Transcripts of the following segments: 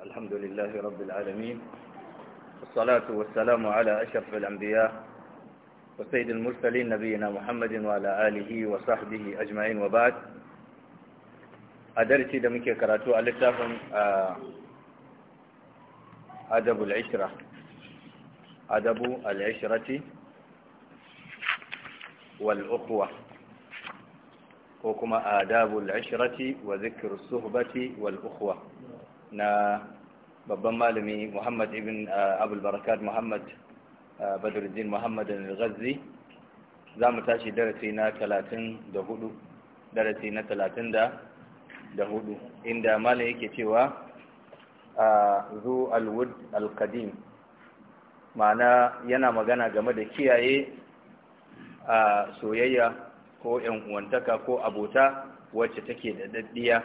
الحمد لله رب العالمين والصلاة والسلام على أشرف الأنبياء وسيد المرسلين نبينا محمد وعلى آله وصحبه أجمعين وبعد أدرتي دمك كراتو ألتافن أدب العشرة أدب العشرة والأخوة وكما آداب العشرة وذكر الصحبة والأخوة na babban malami Muhammad ibn uh, Abul Barakat Muhammad uh, Badruddin Muhammad al ghazi za mu tashi darasi na 34 darasi na 34 inda malam yake cewa uh, zu al-wud al-qadim ma'ana yana magana game da kiyaye soyayya ko 'yan uwantaka ko abota wacce take da daddiya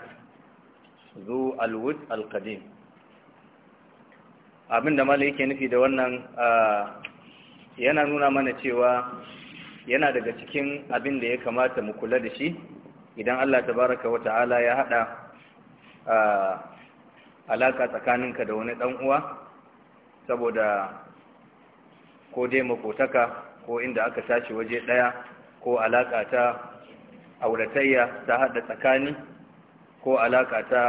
zu alwud alkadim da mala yake nufi da wannan yana nuna mana cewa yana daga cikin abin da ya kamata mu kula da shi idan Allah tabaraka wa ta'ala ya haɗa alaka tsakaninka da wani ɗan uwa saboda ko dai makotaka ko inda aka tashi waje ɗaya, ko alaƙa ta auratayya ta hada tsakani ko alaka ta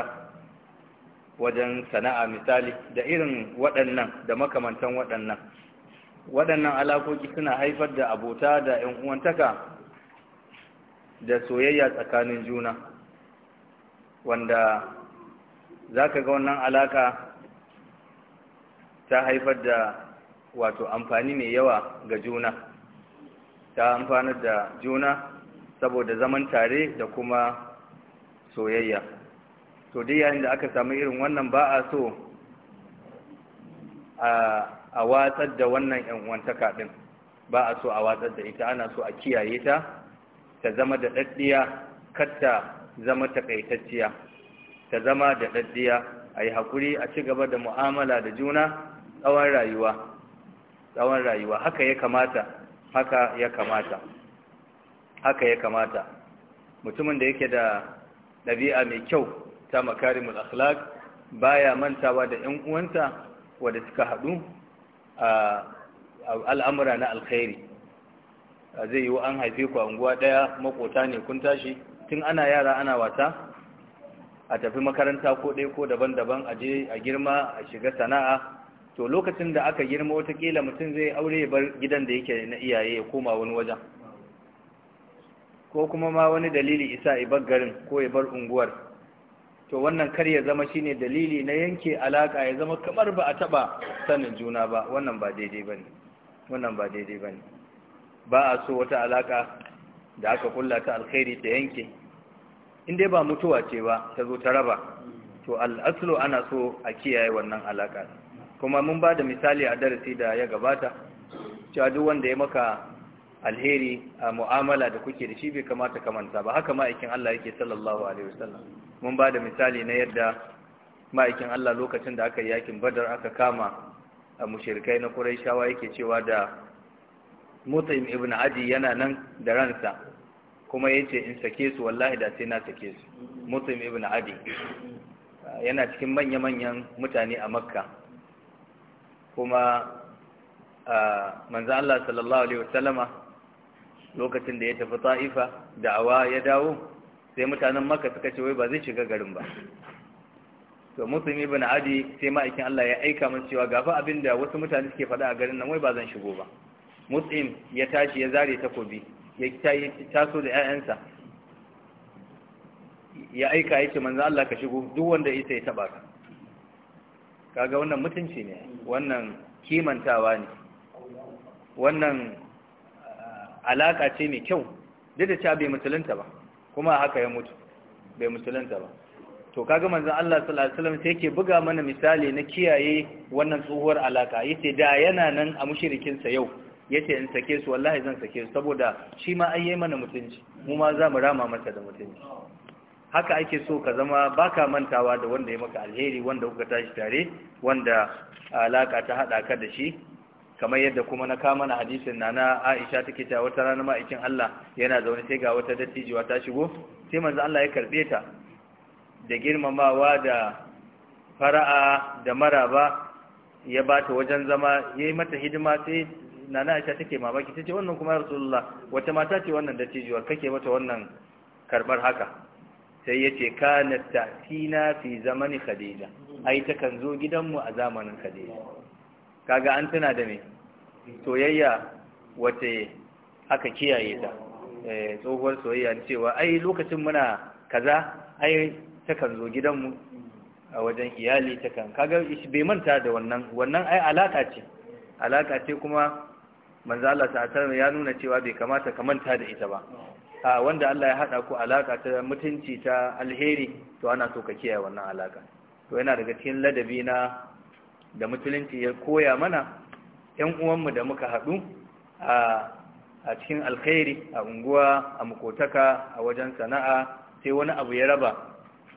wajen sana'a misali da irin waɗannan da makamantan waɗannan waɗannan alakoki suna haifar da abota da 'yan uwantaka da soyayya tsakanin juna wanda za ka ga wannan alaka ta haifar da wato amfani mai yawa ga juna ta amfanar da juna saboda zaman tare da kuma soyayya to dai yayin da aka samu irin wannan ba a so a watsar da wannan yan wantaka ɗin ba a so a watsar da ita ana so a kiyaye ta ta zama da daddiya katta zama takaitacciya ta zama da daddiya a yi haƙuri a ci gaba da mu'amala da juna tsawon rayuwa tsawon rayuwa haka ya kamata haka ya kamata haka ya kamata mutumin da yake da ɗabi'a mai kyau ta mu akhlaq baya mantawa da yan uwanta wanda suka haɗu a al'amura na alkhairi zai yi wa an haife ku anguwa ɗaya makota ne kun tashi tun ana yara ana wata a tafi makaranta ko ɗaya ko daban-daban a je a girma a shiga sana'a to lokacin da aka girma watakila mutum zai aure bar gidan da yake na iyaye ya koma wani wajen ko kuma ma wani dalili isa ibar garin ko ya bar unguwar to wannan kar ya zama shine dalili na yanke alaka ya zama kamar ba a taba sanin juna ba wannan ba daidai bane wannan ba daidai bane ba a so wata alaka da aka kulla ta alkhairi da yanke in dai ba mutuwa ce ba ta zo ta raba to al'aslu ana so a kiyaye wannan alaka kuma mun ba da misali a darasi da ya gabata cewa duk wanda ya maka alheri a mu'amala da kuke da shi bai kamata ka manta ba haka ma'aikin Allah yake sallallahu alaihi wasallam mun ba da misali na yadda ma'aikin Allah lokacin da aka yi yakin badar aka kama a mushirikai na kuraishawa yake cewa da Mut'im ibn Adi yana nan da ransa kuma yace in sake su wallahi da sai na sake su Mut'im ibn Adi yana cikin manya-manyan mutane a Makka kuma manzo Allah sallallahu alaihi wasallama lokacin da ya tafi ta'ifa da'awa ya dawo sai mutanen maka suka ce wai ba zai shiga garin ba to musulmi ibn adi sai ma'aikin Allah ya aika masa cewa gafa abinda wasu mutane suke faɗa a garin nan wai ba zan shigo ba muslim ya tashi ya zare takobi ya taso da 'ya'yansa ya aika yake manzo Allah ka shigo duk wanda yake ya taba ka kaga wannan mutunci ne wannan kimantawa ne wannan alaka ce mai kyau duk da cewa bai musulunta ba kuma haka ya mutu bai musulunta ba to kaga manzon Allah sallallahu alaihi wasallam sai yake buga mana misali na kiyaye wannan tsohuwar alaka yace da yana nan a mushrikin sa yau yace in sake su wallahi zan sake su saboda shi ma ai yayi mana mutunci mu ma za mu rama masa da mutunci haka ake so ka zama baka mantawa da wanda ya maka alheri wanda kuka tashi tare wanda alaka ta hada ka da shi kamar yadda kuma na kama na hadisin na na Aisha take ta wata rana ma'aikin Allah yana zaune sai ga wata dattijuwa ta shigo sai manzo Allah ya karbe ta da girmamawa da fara'a da maraba ya ba ta wajen zama yayi mata hidima sai nana Aisha take mamaki tace wannan kuma Rasulullah wata mata ce wannan dattijuwa kake mata wannan karbar haka sai yace kana ta'tina fi zamani Khadija ai ta kan zo gidanmu a zamanin Khadija kaga an tuna da me soyayya wace aka kiyaye ta eh, tsohuwar soyayya cewa ai lokacin muna kaza ai takan zo gidanmu a wajen iyali takan kaga bai manta da wannan wannan ai alaka ce alaka ce kuma manzo Allah ta'ala ya nuna cewa bai kamata ka manta da ita ba a wanda Allah ya hada ku alaka ta mutunci ta alheri to ana so ka kiyaye wannan alaka to yana daga cikin ladabi na da musulunci ya koya mana ‘yan uwanmu da muka haɗu a cikin alkhairi a unguwa a makotaka a wajen sana'a sai wani abu ya raba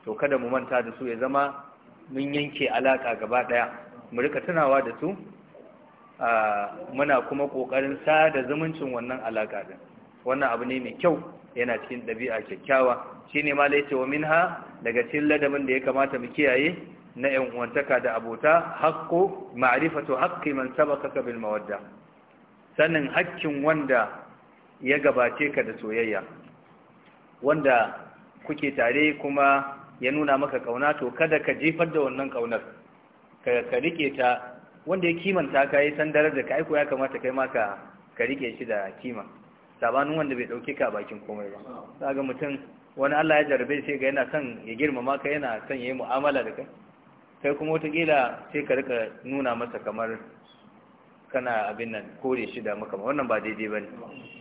to kada mu manta da su ya zama mun yanke alaƙa gaba ɗaya mu rika tunawa da su muna kuma ƙoƙarin sa da zumuncin wannan alaƙa ɗin wannan abu ne mai kyau yana cikin ɗabi'a kyakkyawa Shi ne ma laifin wa minha daga cikin ladabin da ya kamata mu kiyaye na yan uwantaka da abota haqqu ma'rifatu haqqi man sabaqaka bil mawadda sanin haƙƙin wanda ya gabace ka da soyayya wanda kuke tare kuma ya nuna maka kauna to kada ka jefar da wannan kaunar ka ka rike ta wanda ya kimanta ka yi sandarar da ka aiko ya kamata kai ma ka ka rike shi da kima sabanin wanda bai dauke ka bakin komai ba za ga mutum wani Allah ya jarabe sai ga yana son ya girmama ka yana son ya yi mu'amala da kai kai kuma watakila sai ka rika nuna masa kamar kana abin nan kore shi da makama, wannan ba daidai ba ne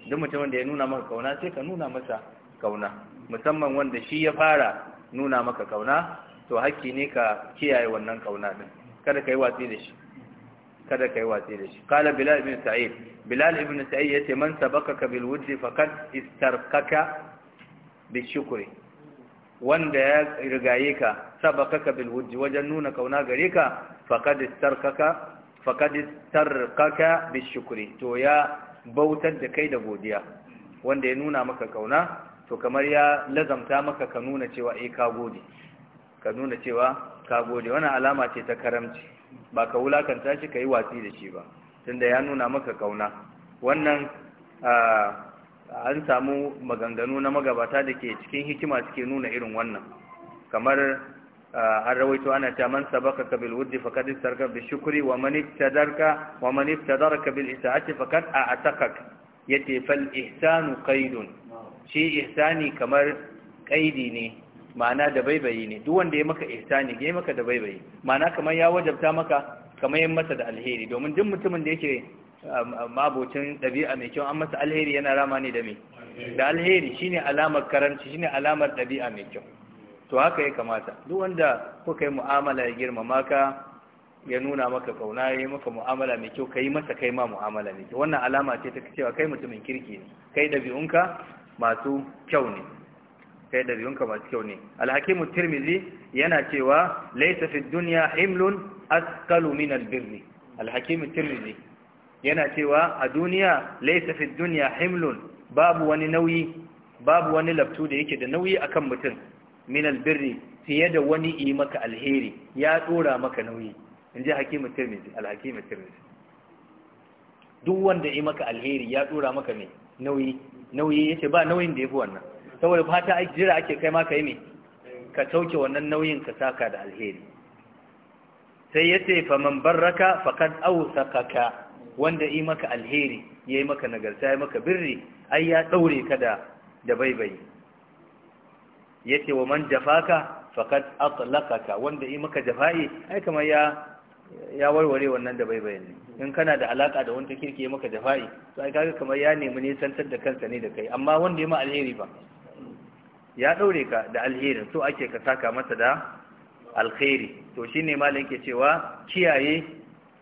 duk mutumin da ya nuna maka kauna sai ka nuna masa kauna musamman wanda shi ya fara nuna maka kauna to haƙƙi ne ka kiyaye wannan kauna din kada ka yi watsi da shi kada ka yi watsi da shi kala bilal ibn sa'id bilal ibn sa'id yace man ka bil wudi faqad istarkaka bi shukri wanda ya rigaye ka sabakaka bil wujji wajen nuna kauna gare ka faqad istarkaka kaka bi shukri to ya bautar da kai da godiya wanda ya nuna maka kauna to kamar ya lazamta maka ka nuna cewa eh ka gode ka nuna cewa ka gode wannan alama ce ta karamci ba ka wulakanta shi ka yi watsi da shi ba tunda ya nuna maka kauna wannan ah, an samu maganganu na magabata da ke cikin hikima suke nuna irin wannan kamar an rawaito ana ta man sabaka ka bil wuddi faqad istarka bi shukuri wa man ibtadarka wa man ibtadarka bil isaati faqad a'takak yace fal ihsanu qaidun shi ihsani kamar qaidi ne ma'ana da baibayi ne duk wanda ya maka ihsani ya maka da baibayi ma'ana kamar ya wajabta maka kamar yin masa da alheri domin duk mutumin da yake mabocin ɗabi'a mai kyau an masa alheri yana rama ne da mai da alheri shine alamar karanci shine alamar ɗabi'a mai kyau to haka ya kamata duk wanda kuka yi mu'amala ya girmama maka ya nuna maka kauna ya yi maka mu'amala mai kyau ka yi masa kai ma mu'amala mai kyau wannan alama ce ta cewa kai mutumin kirki ne kai ɗabi'unka masu kyau ne kai ɗabi'unka masu kyau ne alhakimu tirmizi yana cewa laisa fi dunya himlun askalu min albirri alhakimu tirmizi yana cewa a duniya laisa fi duniya himlun babu wani nauyi babu wani laftu da yake da nauyi akan mutum min albirri fiye da wani yi maka alheri ya tsora maka nauyi in ji hakimu tirmizi alhakimu tirmizi duk wanda yi maka alheri ya tsora maka ne nauyi nauyi yace ba nauyin da yafi wannan saboda fata ai jira ake kai ma kai ne ka tauke wannan nauyin ka saka da alheri sai yace faman barraka faqad awsaqaka wanda yi maka alheri ya yi maka nagarta ya maka birri ai ya ɗaure ka da da ya ce wa man jafaka fakat atlaqaka wanda yi maka jafa'i ai kamar ya ya warware wannan da baibayin ne in kana da alaka da wanda kirki ya maka jafa'i to ai kaga kamar ya nemi nisantar da kansa ne da kai amma wanda ya ma alheri ba ya ɗaure ka da alherin so ake ka saka masa da alkhairi to shine malam yake cewa kiyaye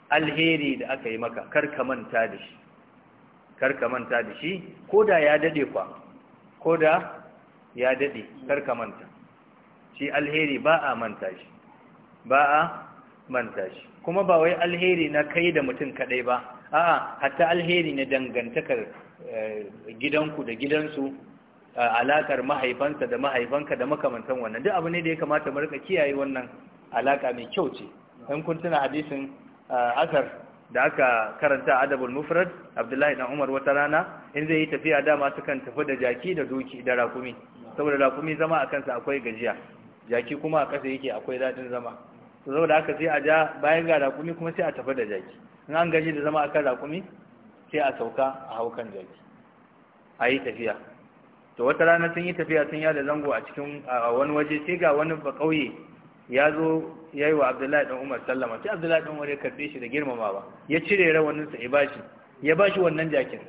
alheri da aka yi maka karka manta da shi karka manta da shi ko da ya dade kwa ko da ya dade karka manta shi alheri ba a manta shi ba a manta shi kuma ba wai alheri na kai da mutum kadai ba a'a hatta alheri na dangantakar eh, gidanku da gidansu alakar mahaifansa da mahaifanka da makamantan wannan duk abu ne da ya kamata mu rika kiyaye wannan alaka mai kyau ce in kun tuna hadisin asar da aka karanta adabul mufrad abdullahi dan umar wata rana in zai yi tafiya dama kan tafi da jaki da doki da rakumi saboda rakumi zama a kansa akwai gajiya jaki kuma a kasa yake akwai daɗin zama to saboda haka sai a ja bayan ga rakumi kuma sai a tafi da jaki in an gaji da zama akan rakumi sai a sauka a hau kan jaki a yi tafiya to wata rana sun yi tafiya sun yada zango a cikin wani waje sai ga wani ba kauye ya zo ya yi wa abdullahi ɗan umar sallama sai abdullahi ɗan umar ya karɓe shi da girmamawa ya cire rawaninsa ya bashi ya bashi wannan jakin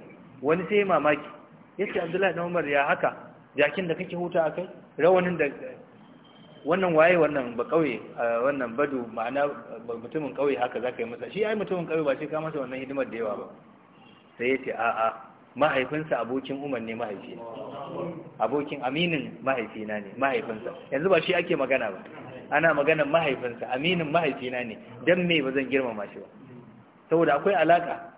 wani sai mamaki ya ce abdullahi ɗan umar ya haka jakin da kake huta a kai rawanin da wannan waye wannan ba ƙauye wannan badu ma'ana mutumin ƙauye haka za ka yi masa shi ya yi mutumin ƙauye ba sai ka masa wannan hidimar da yawa ba sai ya ce a'a mahaifinsa abokin umar ne mahaifi abokin aminin mahaifina ne mahaifinsa yanzu ba shi ake magana ba ana maganar mahaifinsa aminin mahaifina ne don me ba zan girmama shi ba saboda akwai alaka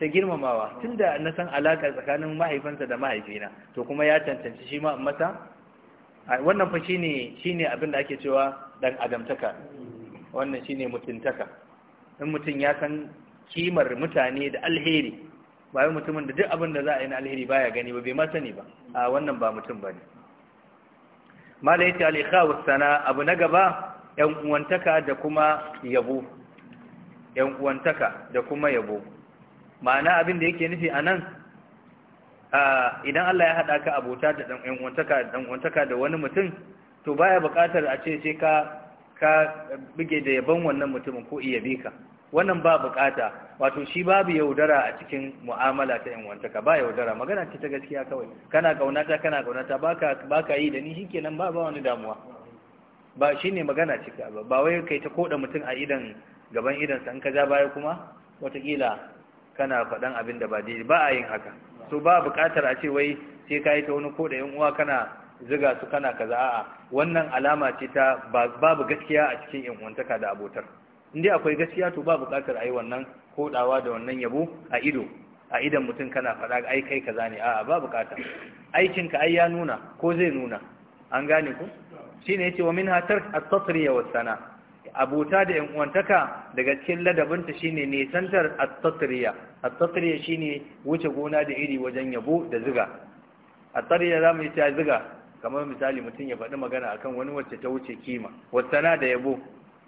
ta girmamawa tunda na san alaka tsakanin mahaifinsa da mahaifina to kuma ya cancanci shi ma mata wannan fa shine shine abin da ake cewa dan adamtaka wannan shine mutuntaka in mutum ya san kimar mutane da alheri bayan mutumin da duk abin da za a yi na alheri baya gani ba bai ma sani ba a wannan ba mutum ba ne. malai ta alikawa sana abu na gaba yan uwantaka da kuma yabo yan da kuma yabo ma'ana abin da yake nufi a nan idan Allah ya haɗa ka abota da 'yan uwantaka da wani mutum to baya buƙatar a ce sai ka ka buge da yabon wannan mutumin ko iya bi ka wannan ba bukata wato shi babu yaudara a cikin mu'amala ta 'yan yanwantaka ba yaudara magana ce ta gaskiya kawai kana kaunata kana kaunata baka baka yi da ni shikenan ba ba wani damuwa ba shine magana ce ba wai kai ta koda mutum a idan gaban idan san ka ja baya kuma kila kana faɗan abin da ba dai ba a yin haka so ba bukatar a ce wai sai kai ta wani koda yan uwa kana ziga su kana kaza a'a wannan alama ce ta babu gaskiya a cikin 'yan yanwantaka da abotar inda akwai gaskiya to ba buƙatar ai wannan kodawa da wannan yabo a ido a idan mutum kana fada ai kai kaza ne a'a ba buƙata aikin ka ai ya nuna ko zai nuna an gane ku shine yace wa minha tark at-tasriya was-sana abuta da yan uwantaka daga cikin ladabinta shine ne santar at-tasriya at-tasriya shine wuce gona da iri wajen yabo da ziga at-tasriya zamu yi ta ziga kamar misali mutum ya faɗi magana akan wani wacce ta wuce kima Wasana da yabo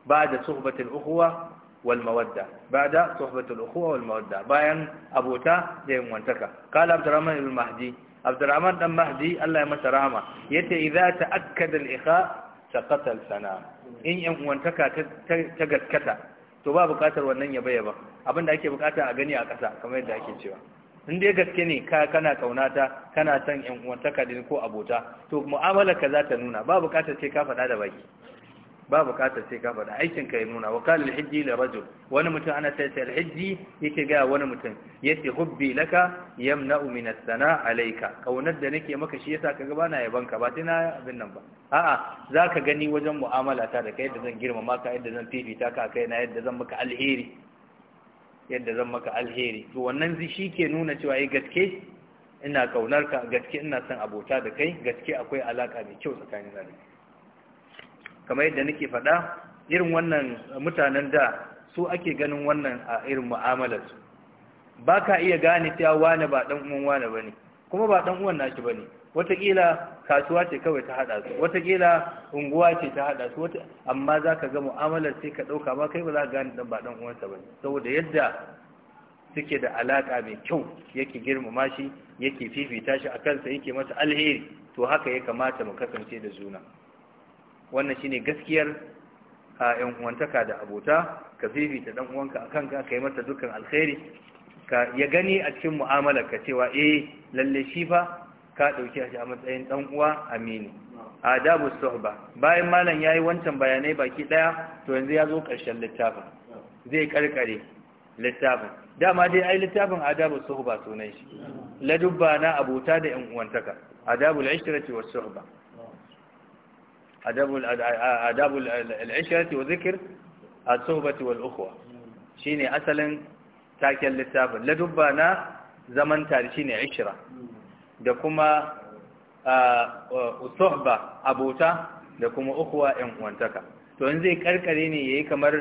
بعد صحبة الأخوة والمودة بعد صحبة الأخوة والمودة باين أبوتا دين وانتكا قال عبد الرحمن بن المهدي عبد الرحمن بن المهدي الله يمس رحمة يتي إذا تأكد الإخاء سقط السنة إن يم وانتكا تقكتا to ba bukatar wannan ya baya ba abinda ake bukata a gani a ƙasa kamar yadda ake cewa in dai gaske ne ka kana kaunata kana son yan uwantaka din ko abota to mu'amala ka za ta nuna ba bukatar ce ka faɗa da baki ba bukatar sai ka faɗa aikin ka ya nuna wa kala hijji da rajul wani mutum ana sai sai hijji yake ga wani mutum yace hubbi laka yamna'u min as-sana alayka kaunar da nake maka shi yasa kaga bana na ka ba sai na abin nan ba a'a zaka gani wajen mu'amala ta da kai yadda zan girmama ka yadda zan fifita ka kai na yadda zan maka alheri yadda zan maka alheri to wannan shi ke nuna cewa ai eh, gaske ina kaunar ka gaske ina son abota da kai gaske akwai alaka mai kyau tsakanin da kamar yadda nake faɗa irin wannan mutanen da su ake ganin wannan a irin mu'amalarsu ba ka iya gane cewa wane ba ɗan uwan wane ba kuma ba ɗan uwan nashi ba ne watakila kasuwa ce kawai ta haɗa su watakila unguwa ce ta haɗa su amma za ka ga mu'amalar sai ka ɗauka ba kai ba za ka gane ɗan ba ɗan uwansa ba ne saboda yadda suke da alaƙa mai kyau yake girmama shi yake fifita shi a kansa yake masa alheri to haka ya kamata mu kasance da juna wannan shine gaskiyar yan uwantaka da abota ka fifita dan uwanka akan ka kai mata dukkan alkhairi ka ya gani a cikin mu'amalar ka cewa eh lalle shi fa ka dauki shi a matsayin dan uwa amini adabu suhba bayan malam yayi wancan bayanai baki daya to yanzu ya zo karshen littafin zai karkare littafin dama dai ai littafin adabu suhba sunan shi ladubba na abota da yan uwantaka adabul ishrati was suhba adabul al'ishirati wa zikir a tsobati wal ukuwa shi ne asalin taken littafin ladubba na zaman tare shi ne ishira da kuma usohba abota da kuma ukuwa ‘yan uwantaka to in zai karkare ne ya yi kamar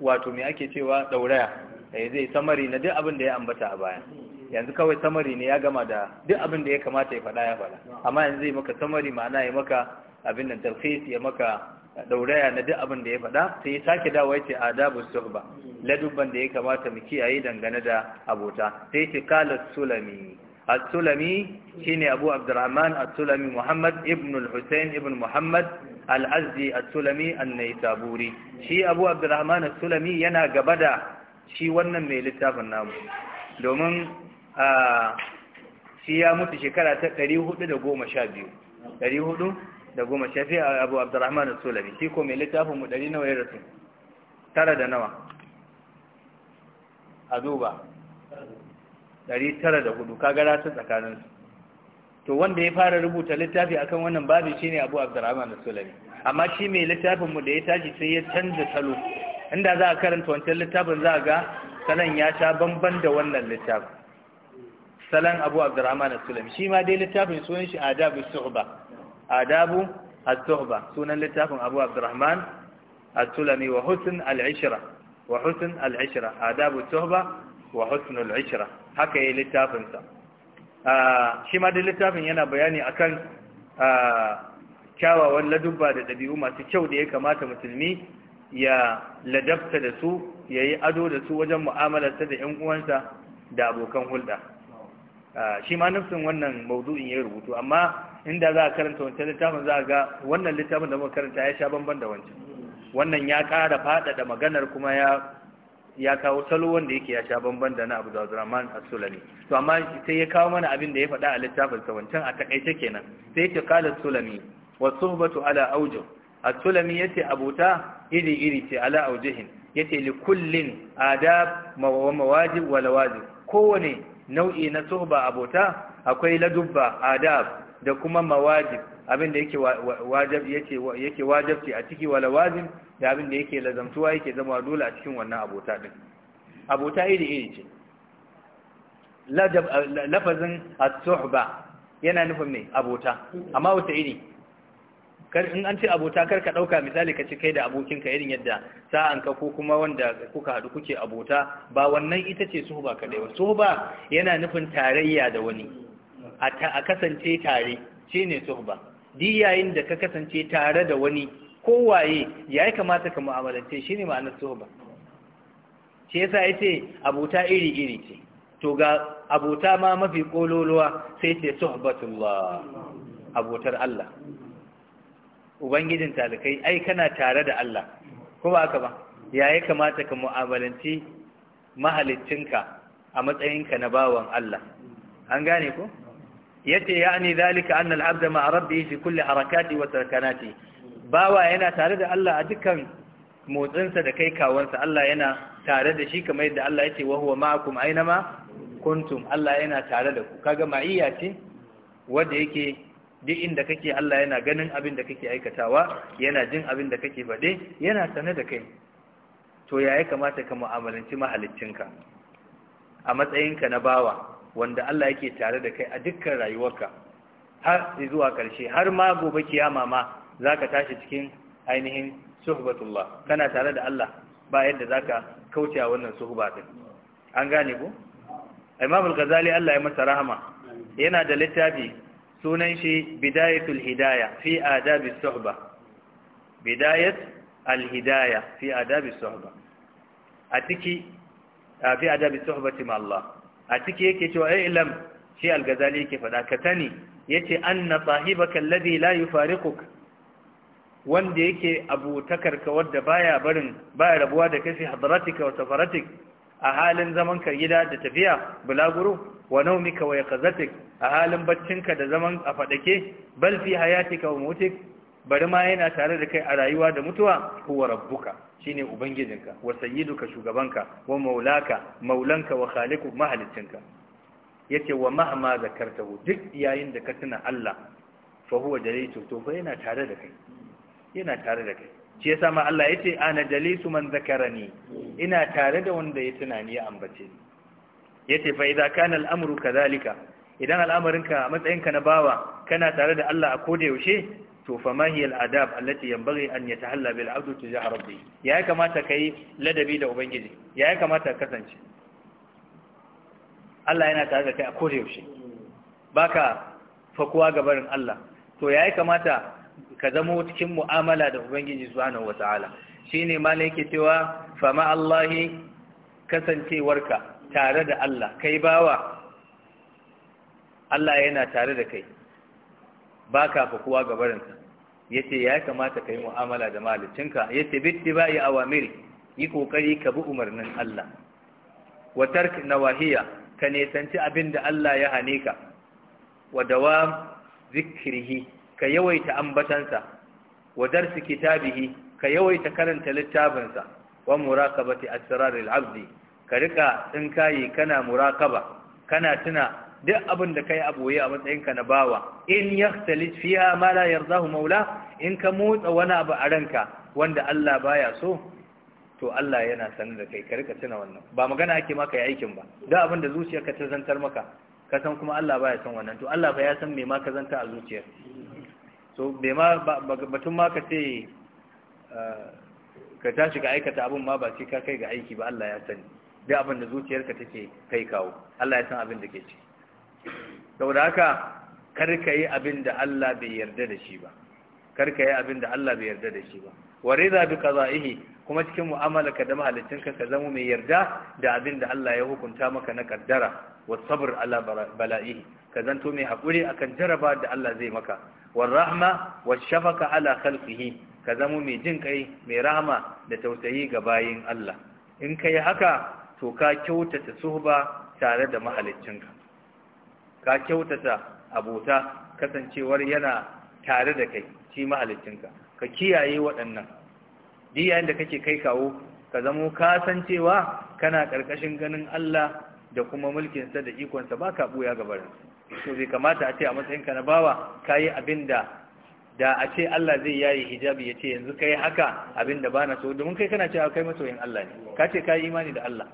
wato mai ake cewa ɗauraya da zai samari na duk abin da ya ambata a baya yanzu kawai samari ne ya gama da duk abin da ya kamata ya faɗa ya faɗa amma yanzu zai maka samari ma'ana ya maka abin nan tarfis ya maka dauraya na duk abin da ya faɗa sai ya sake dawo yace adabu suhba ladubban da ya kamata mu kiyaye dangane da abota sai ce kala sulami as-sulami shine abu abdurrahman as-sulami muhammad ibn al-husayn ibn muhammad al-azdi as-sulami an-naisaburi shi abu abdurrahman as-sulami yana gaba da shi wannan mai littafin namu domin ah, shi ya mutu shekara ta 412 da goma shafi abu abdurrahman sulami shi ko mai littafin mu ɗari nawa ya rasu tara da nawa a duba ɗari tara da hudu kagara ta tsakaninsu to wanda ya fara rubuta littafi akan wannan babi shine abu abdurrahman sulami amma shi mai littafin mu da ya tashi sai ya canza salo inda za a karanta wancan littafin za a ga salon ya sha bamban da wannan littafin salon abu abdurrahman sulami shi ma dai littafin sunan shi adabu suhba adabu at sunan littafin abu abdurrahman at-tulami wa husn al wa husn al adabu at wa husn al haka yayin littafin sa ah, shi ma da littafin yana bayani akan ah, kyawawan ladubba da ɗabi'u masu kyau da ya kamata musulmi ya ladabta da su yayi ado da su wajen mu'amalarsa da yan uwansa da abokan hulɗa ah, shi ma nufin wannan mawdu'in ya rubutu amma inda za a karanta wancan littafin za a ga wannan littafin da muka karanta ya sha bamban da wancan wannan ya ƙara faɗaɗa maganar kuma ya ya kawo salo wanda yake ya sha bamban da na Abu da Abdurrahman a sulami to amma sai ya kawo mana abin da ya faɗa a littafin sa wancan a taƙaice kenan sai ce kala sulami wa suhbatu ala a as-Sulami ce abuta iri iri ce ala ya yace li kullin adab mawaji mawajib wa kowane nau'i na suhba abuta akwai ladubba adab da kuma mawajib abin da yake wajib yake yake wajibci a ciki wala wajib da abin da yake lazamtuwa yake zama dole a cikin wannan abota din abota iri iri ce lafazin as-suhba yana nufin ne abota amma wata iri kar in an ce abota kar ka dauka misali ka ci kai da abokinka irin yadda sa'an ka ko kuma wanda kuka hadu kuke abota ba wannan ita ce suhba kadai ba suhba yana nufin tarayya da wani a kasance tare shi ne suhba di da ka kasance tare da wani kowaye ya yi kamata ka mu'amalance shi ne ma'anar suhba shi yasa ya ce abota iri-iri ce to ga abota ma mafi kololuwa sai ce suhbatullah abotar Allah ubangijin talikai ai kana tare da Allah ko ba ka ba ya yi kamata ka mu'amalance mahalicinka a matsayinka na bawan Allah an gane ko yace yani zalika al abda ma rabbi fi kulli harakati wa sakanati bawa yana tare da Allah a dukkan motsinsa da kai kawansa Allah yana tare da shi kamar yadda Allah yace wa huwa ma'akum aynama kuntum Allah yana tare da ku kaga ma'iyya ce wanda yake duk inda kake Allah yana ganin abin da kake aikatawa yana jin abin da kake fade yana sane da kai to ya kamata ka mu'amalanci mahaliccinka a matsayinka na bawa wanda Allah yake tare da kai a dukkan rayuwarka har zuwa ƙarshe har ma gobe kiyama ma zaka tashi cikin ainihin suhbatullah kana tare da Allah ba yadda zaka kauce a wannan suhba din an gane ku? Imam al-Ghazali Allah ya masa rahama yana da littafi sunan shi Bidayatul Hidayah fi adab suhba Bidayat al-Hidayah fi adab suhba a ciki fi adab suhbati ma Allah a ciki yake cewa ai ilam shi al-Ghazali yake faɗa ka ce yace anna sahibaka alladhi la yufariquk wanda yake abutakarka wadda baya barin baya rabuwa da kai hadratika wa safaratik a halin zaman ka gida da tafiya bulaguro wa naumika wa yaqazatik a halin baccinka da zaman a faɗake, balfi, fi hayatika wa mutik bari ma yana tare da kai a rayuwa da mutuwa huwa rabbuka shine ubangijinka wa sayyiduka shugabanka wa maulaka maulanka wa khaliku mahalicinka yace wa mahma zakartahu duk yayin da ka tuna Allah fa huwa jalisu to fa yana tare da kai yana tare da kai shi yasa ma Allah yace ana jalisu man zakarani ina tare da wanda ya tunani ya ambace ni yace fa idza kana al'amru kadhalika idan al'amarinka a matsayinka na bawa kana tare da Allah a koda yaushe to fa ma hiya al-adab allati yanbaghi an yatahalla bil 'abdu tijaha rabbih ya kamata kai ladabi da ubangiji ya kamata ka kasance Allah yana tare da kai a koda yaushe baka fakuwa gabarin Allah to ya kamata ka zamo cikin mu'amala da ubangiji subhanahu wata'ala shine malai yake cewa fa ma Allahi kasancewarka tare da Allah kai bawa Allah yana tare da kai ba ka fa kowa gabarinsa ya ce ya kamata ka yi mu'amala da malicinka ya ce bitti ba yi awamiri yi ƙoƙari ka bi umarnin Allah watar nawahiya ka nesanci abin da Allah ya hane ka wa dawa zikirhi ka yawaita ambatansa wa darsi kitabihi ka yawaita karanta littafinsa wa muraqabati asraril abdi ka rika tsinkaye kana muraqaba kana tuna duk abin da kai aboye a matsayinka na bawa in yaktalit fiha ma la yardahu maula in ka motsa wani abu a ranka wanda Allah baya so to Allah yana sanar da kai ka rika tuna wannan ba magana ake maka yi aikin ba duk abin da zuciyarka ta zantar maka ka san kuma Allah baya son wannan to Allah fa ya san me ma ka zanta a zuciyar so be ma batun ma ka ce eh, ka tashi ka aikata abin ma ba sai ka kai ga aiki ba Allah ya sani duk abin da zuciyarka take kai kawo Allah ya san abin da ke ciki saboda haka karka yi abin da Allah bai yarda da shi ba karka yi abin da Allah bai yarda da shi ba bi kuma cikin mu'amala ka da mahalicin ka zama mai yarda da abin da Allah ya hukunta maka na kaddara wa sabr ala bala'ihi ka zanto mai haƙuri akan jaraba da Allah zai maka wa rahma wa shafaka ala khalqihi ka zama mai jin kai mai rahama da tausayi ga bayin Allah in kai haka to ka kyautata suhba tare da mahaliccinka ka kyautata abota kasancewar yana tare da kai shi mahalicinka ka kiyaye waɗannan duk da kake kai kawo ka zamo kasancewa kana ƙarƙashin ganin Allah da kuma mulkinsa da ikonsa ba ka ɓuya barin su zai kamata a ce a matsayinka na bawa ka yi abin da da a ce Allah zai yayi hijabi ya ce yanzu ka yi haka abin da ba na so domin kai kana cewa kai masoyin Allah ne ka ce ka yi imani da Allah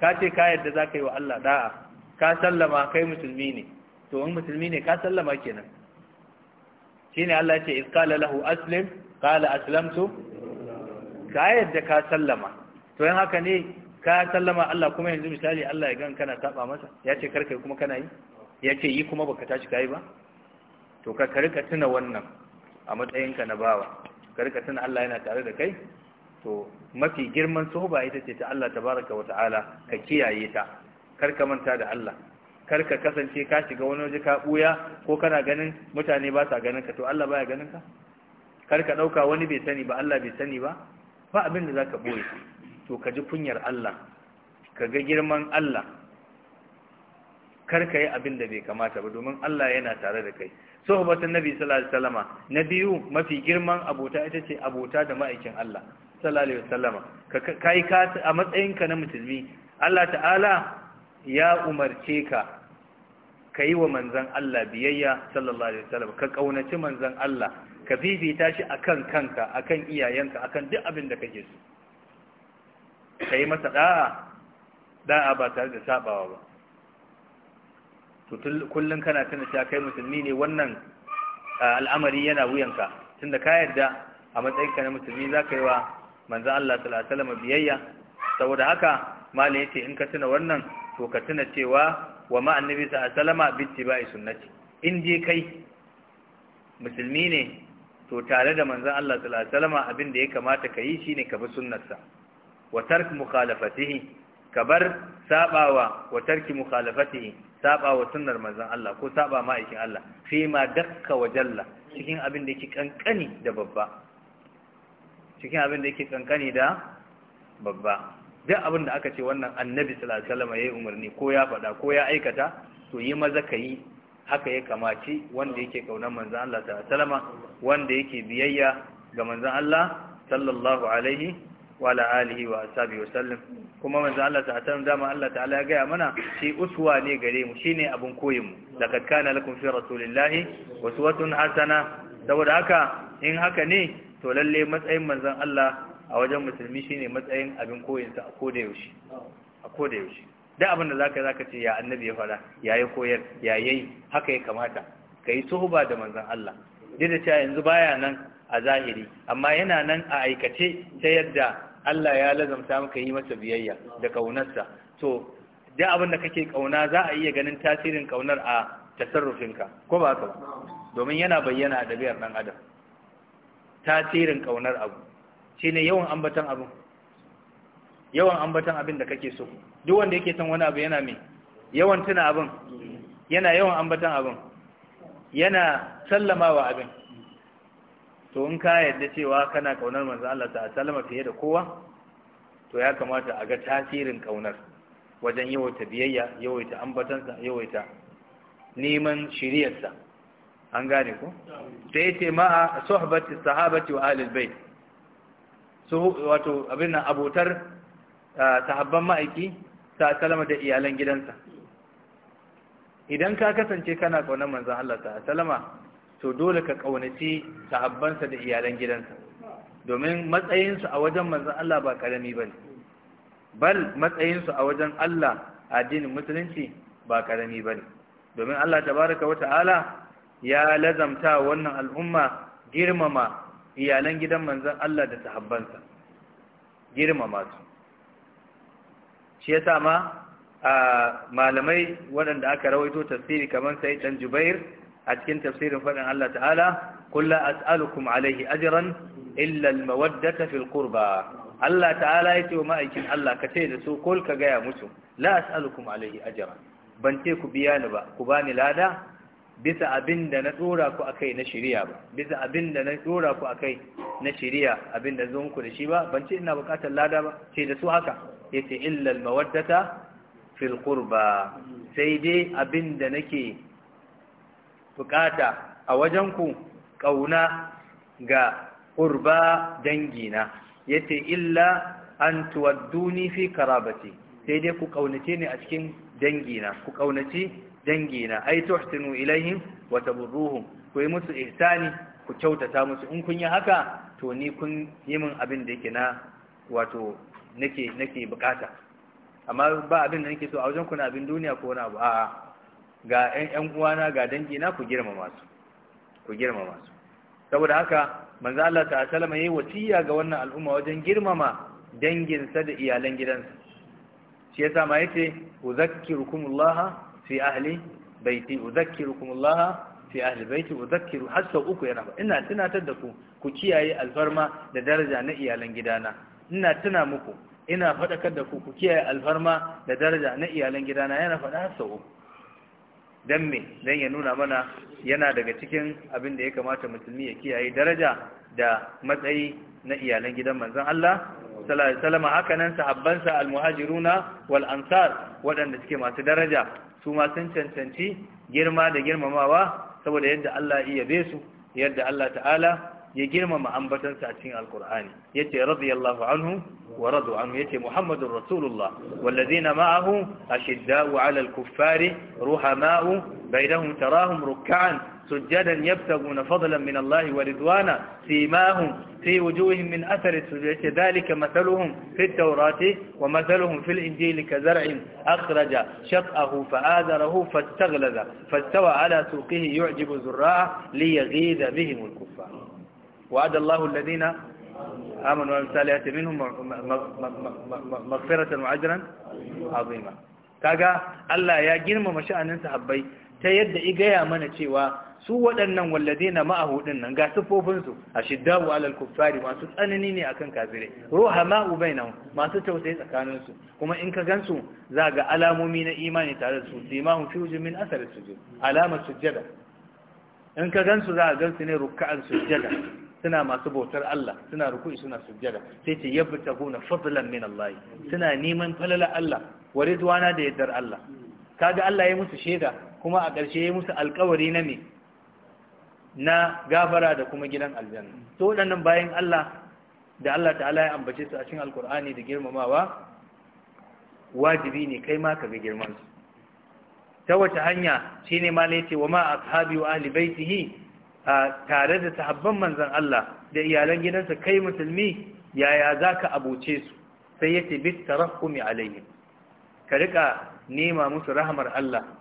ka ce ka yadda za ka yi wa Allah da'a ka sallama kai musulmi ne to in musulmi ne ka sallama kenan shine Allah ce iz qala lahu aslim qala aslamtu ka yadda ka sallama to in haka ne ka sallama Allah kuma yanzu misali Allah ya gan kana taba masa ya ce karka kuma kana yi ya ce yi kuma baka tashi kai ba to ka karka tuna wannan a matsayinka na bawa karka tuna Allah yana tare da kai to mafi girman soba ita ce ta Allah tabaraka wa ta'ala ka kiyaye ta karka manta da Allah kar ka kasance ka shiga wani waje ka buya ko kana ganin mutane ba sa ganin ka to Allah baya ganin ka kar ka dauka wani bai sani ba Allah bai sani ba ba abin da zaka boye to ka ji kunyar Allah ka ga girman Allah kar ka yi abin da bai kamata ba domin Allah yana tare da kai sohbatun nabi sallallahu alaihi wasallama nabiyu mafi girman abota ita ce abota da ma'aikin Allah sallallahu alaihi wasallama ka kai ka a matsayinka na musulmi Allah ta'ala ya umarce ka ka yi wa manzan Allah biyayya sallallahu alaihi wasallam ka kaunaci manzan Allah ka bibita shi akan kanka akan iyayenka akan duk abin da kake so ka yi masa da'a da'a ba tare da sabawa ba to kullun kana tana cewa kai musulmi ne wannan al'amari yana wuyanka tunda ka yarda a matsayinka na musulmi za yi wa manzan Allah sallallahu alaihi wasallam biyayya saboda haka malai yace in ka tuna wannan to ka tuna cewa wa ma annabi sallama bittiba'i sunnati in je kai musulmi ne to tare da manzon Allah sallallahu alaihi wasallam abin da ya kamata ka yi shine ka bi sunnarsa wa tark mukhalafatihi kabar sabawa wa tarki mukhalafatihi sabawa sunnar manzon Allah ko saba ma'aikin Allah fi ma dakka wa jalla cikin abin da yake kankani da babba cikin abin da yake kankani da babba duk abin da aka ce wannan annabi sallallahu ya yi umarni ko ya faɗa ko ya aikata to yi maza ka yi haka ya kamaci wanda yake kaunar Manzan Allah sallallahu wanda yake biyayya ga Manzan Allah sallallahu alaihi wa ala alihi wa ashabihi kuma Manzan Allah sallallahu alaihi wasallam dama Allah ta'ala ya gaya mana shi uswa ne gare mu shine abin koyin mu laqad kana lakum fi rasulillahi uswatun hasana saboda haka in haka ne to lalle matsayin manzan Allah a wajen musulmi shine matsayin abin koyinsa a koda yaushe a yaushe Da abin da zaka zaka ce ya annabi ya fara ya yi koyar ya yayi haka ya kamata Ka yi suhuba da manzan Allah duk da cewa yanzu baya nan a zahiri amma yana nan a aikace ta yadda Allah ya lazamta maka yi masa biyayya da kaunarsa to duk abin da kake kauna za a iya ganin tasirin kaunar a tasarrufinka ko ba haka domin yana bayyana a dabiyar ɗan adam tasirin kaunar abu ne yawan ambatan abin yawan ambatan abin da kake so duk wanda yake son wani abu yana mai yawan tuna abin yana yawan ambatan abin yana sallamawa abin to in ka yadda cewa kana kaunar manzo Allah ta sallama fiye da kowa to ya kamata a ga tasirin kaunar wajen yawaita biyayya yawaita ambatansa yawaita neman shiriyarsa an gane ko sai ce ma'a sohbati sahabati wa ahli bait su wato abin nan abotar sahabban ma'aiki ta salama da iyalan gidansa idan ka kasance kana kaunar manzan Allah ta salama to dole ka kaunaci sahabbansa da iyalan gidansa domin matsayinsu a wajen manzan Allah ba karami ne. bal matsayinsu a wajen Allah addinin musulunci ba karami ne. domin Allah tabaraka wata'ala ya lazamta wannan al'umma girmama iyalan gidan manzan Allah da sahabbansa girmama su shi yasa ma a malamai waɗanda aka rawaito tafsiri kamar sai dan Jubair a cikin tafsirin faɗin Allah ta'ala kullu as'alukum alaihi ajran illa almawaddata fil qurba Allah ta'ala yace wa ma'aikin Allah ka ce da su kul ka gaya musu la as'alukum alaihi ajran ban ce ku biya ni ba ku bani lada bisa abin da na tsora ku akai na shirya ba bisa abin da na tsora ku akai na shirya, abin da zo muku da shi ba ban ce ina bukatar lada ba ce da su haka yace illa al mawaddata fil qurba sai dai abin da nake bukata a wajen ku kauna ga qurba na, yace illa an tuwadduni fi karabati sai dai ku kaunace ni a cikin dangi na, ku kaunace dangina ai tuhsinu ilaihim wa taburruhum ku yi musu ihsani ku kyautata musu in kun yi haka to ni kun yi min abin da yake na wato nake nake bukata amma ba abin da nake so a wajen ku na abin duniya ko na abu a'a ga ƴan uwana ga dangina ku girmama su ku girmama su saboda haka manzo Allah ta sallama yayi wasiya ga wannan al'umma wajen girmama danginsa da iyalan gidansa shi yasa ma yace uzakkirukumullaha fi ahli baiti udhakkirukum Allah fi ahli baiti udhakkiru hasa uku yana ba ina tunatar da ku ku kiyaye alfarma da daraja na iyalan gidana ina tuna muku ina faɗakar da ku ku kiyaye alfarma da daraja na iyalan gidana yana faɗa hasa uku dan me dan ya nuna mana yana daga cikin abin da ya kamata musulmi ya kiyaye daraja da matsayi na iyalan gidan manzon Allah sallama alaihi wasallam haka nan sahabbansa almuhajiruna wal ansar waɗanda suke masu daraja su ma sun cancanci girma da girmamawa saboda yadda Allah iya be su yadda Allah ta'ala ya girmama ambatansa a cikin alkur'ani yace radiyallahu anhu wa radu anhu yace muhammadur rasulullah wallazina ma'ahu ashidda'u 'alal kuffari ruhama'u bainahum tarahum ruk'an سجدا يبتغون فضلا من الله ورضوانا سيماهم في وجوههم من أثر السجود ذلك مثلهم في التوراة ومثلهم في الإنجيل كزرع أخرج شقه فآذره فاستغلذ فاستوى على سوقه يعجب الزراع ليغيظ بهم الكفار وعد الله الذين آمنوا وعملوا الصالحات منهم مغفرة وأجرا عظيما kaga Allah ya girmama sha'anin sahabbai ta yadda i gaya mana cewa su waɗannan wallaze na ma'ahudin nan ga siffofinsu a shiddawu alal kuffari masu tsanani ne akan kafirai roha ma'u bainahum masu tausayi tsakaninsu kuma in ka gansu za ga alamomi na imani tare da su simahum fi min asar sujud alamar sujjada in ka gansu za a gansu ne rukka'an sujjada suna masu bautar Allah suna ruku'i suna sujjada sai ce yabtaguna fadlan min Allah suna neman falala Allah wa ridwana da yardar Allah kaga Allah ya musu shaida kuma a ƙarshe ya musu alƙawari na me na gafara da kuma gidan aljanna to waɗannan bayan Allah da Allah ta'ala ya ambace su a cikin alkur'ani da girmamawa wajibi ne kai ma ka ga girman su ta wata hanya shine ma ne ce wa ma ashabi wa ahli baitihi tare da sahabban manzon Allah da iyalan gidansa kai musulmi yaya zaka abuce su sai yace bit tarahumi alaihim ka rika nema musu rahmar Allah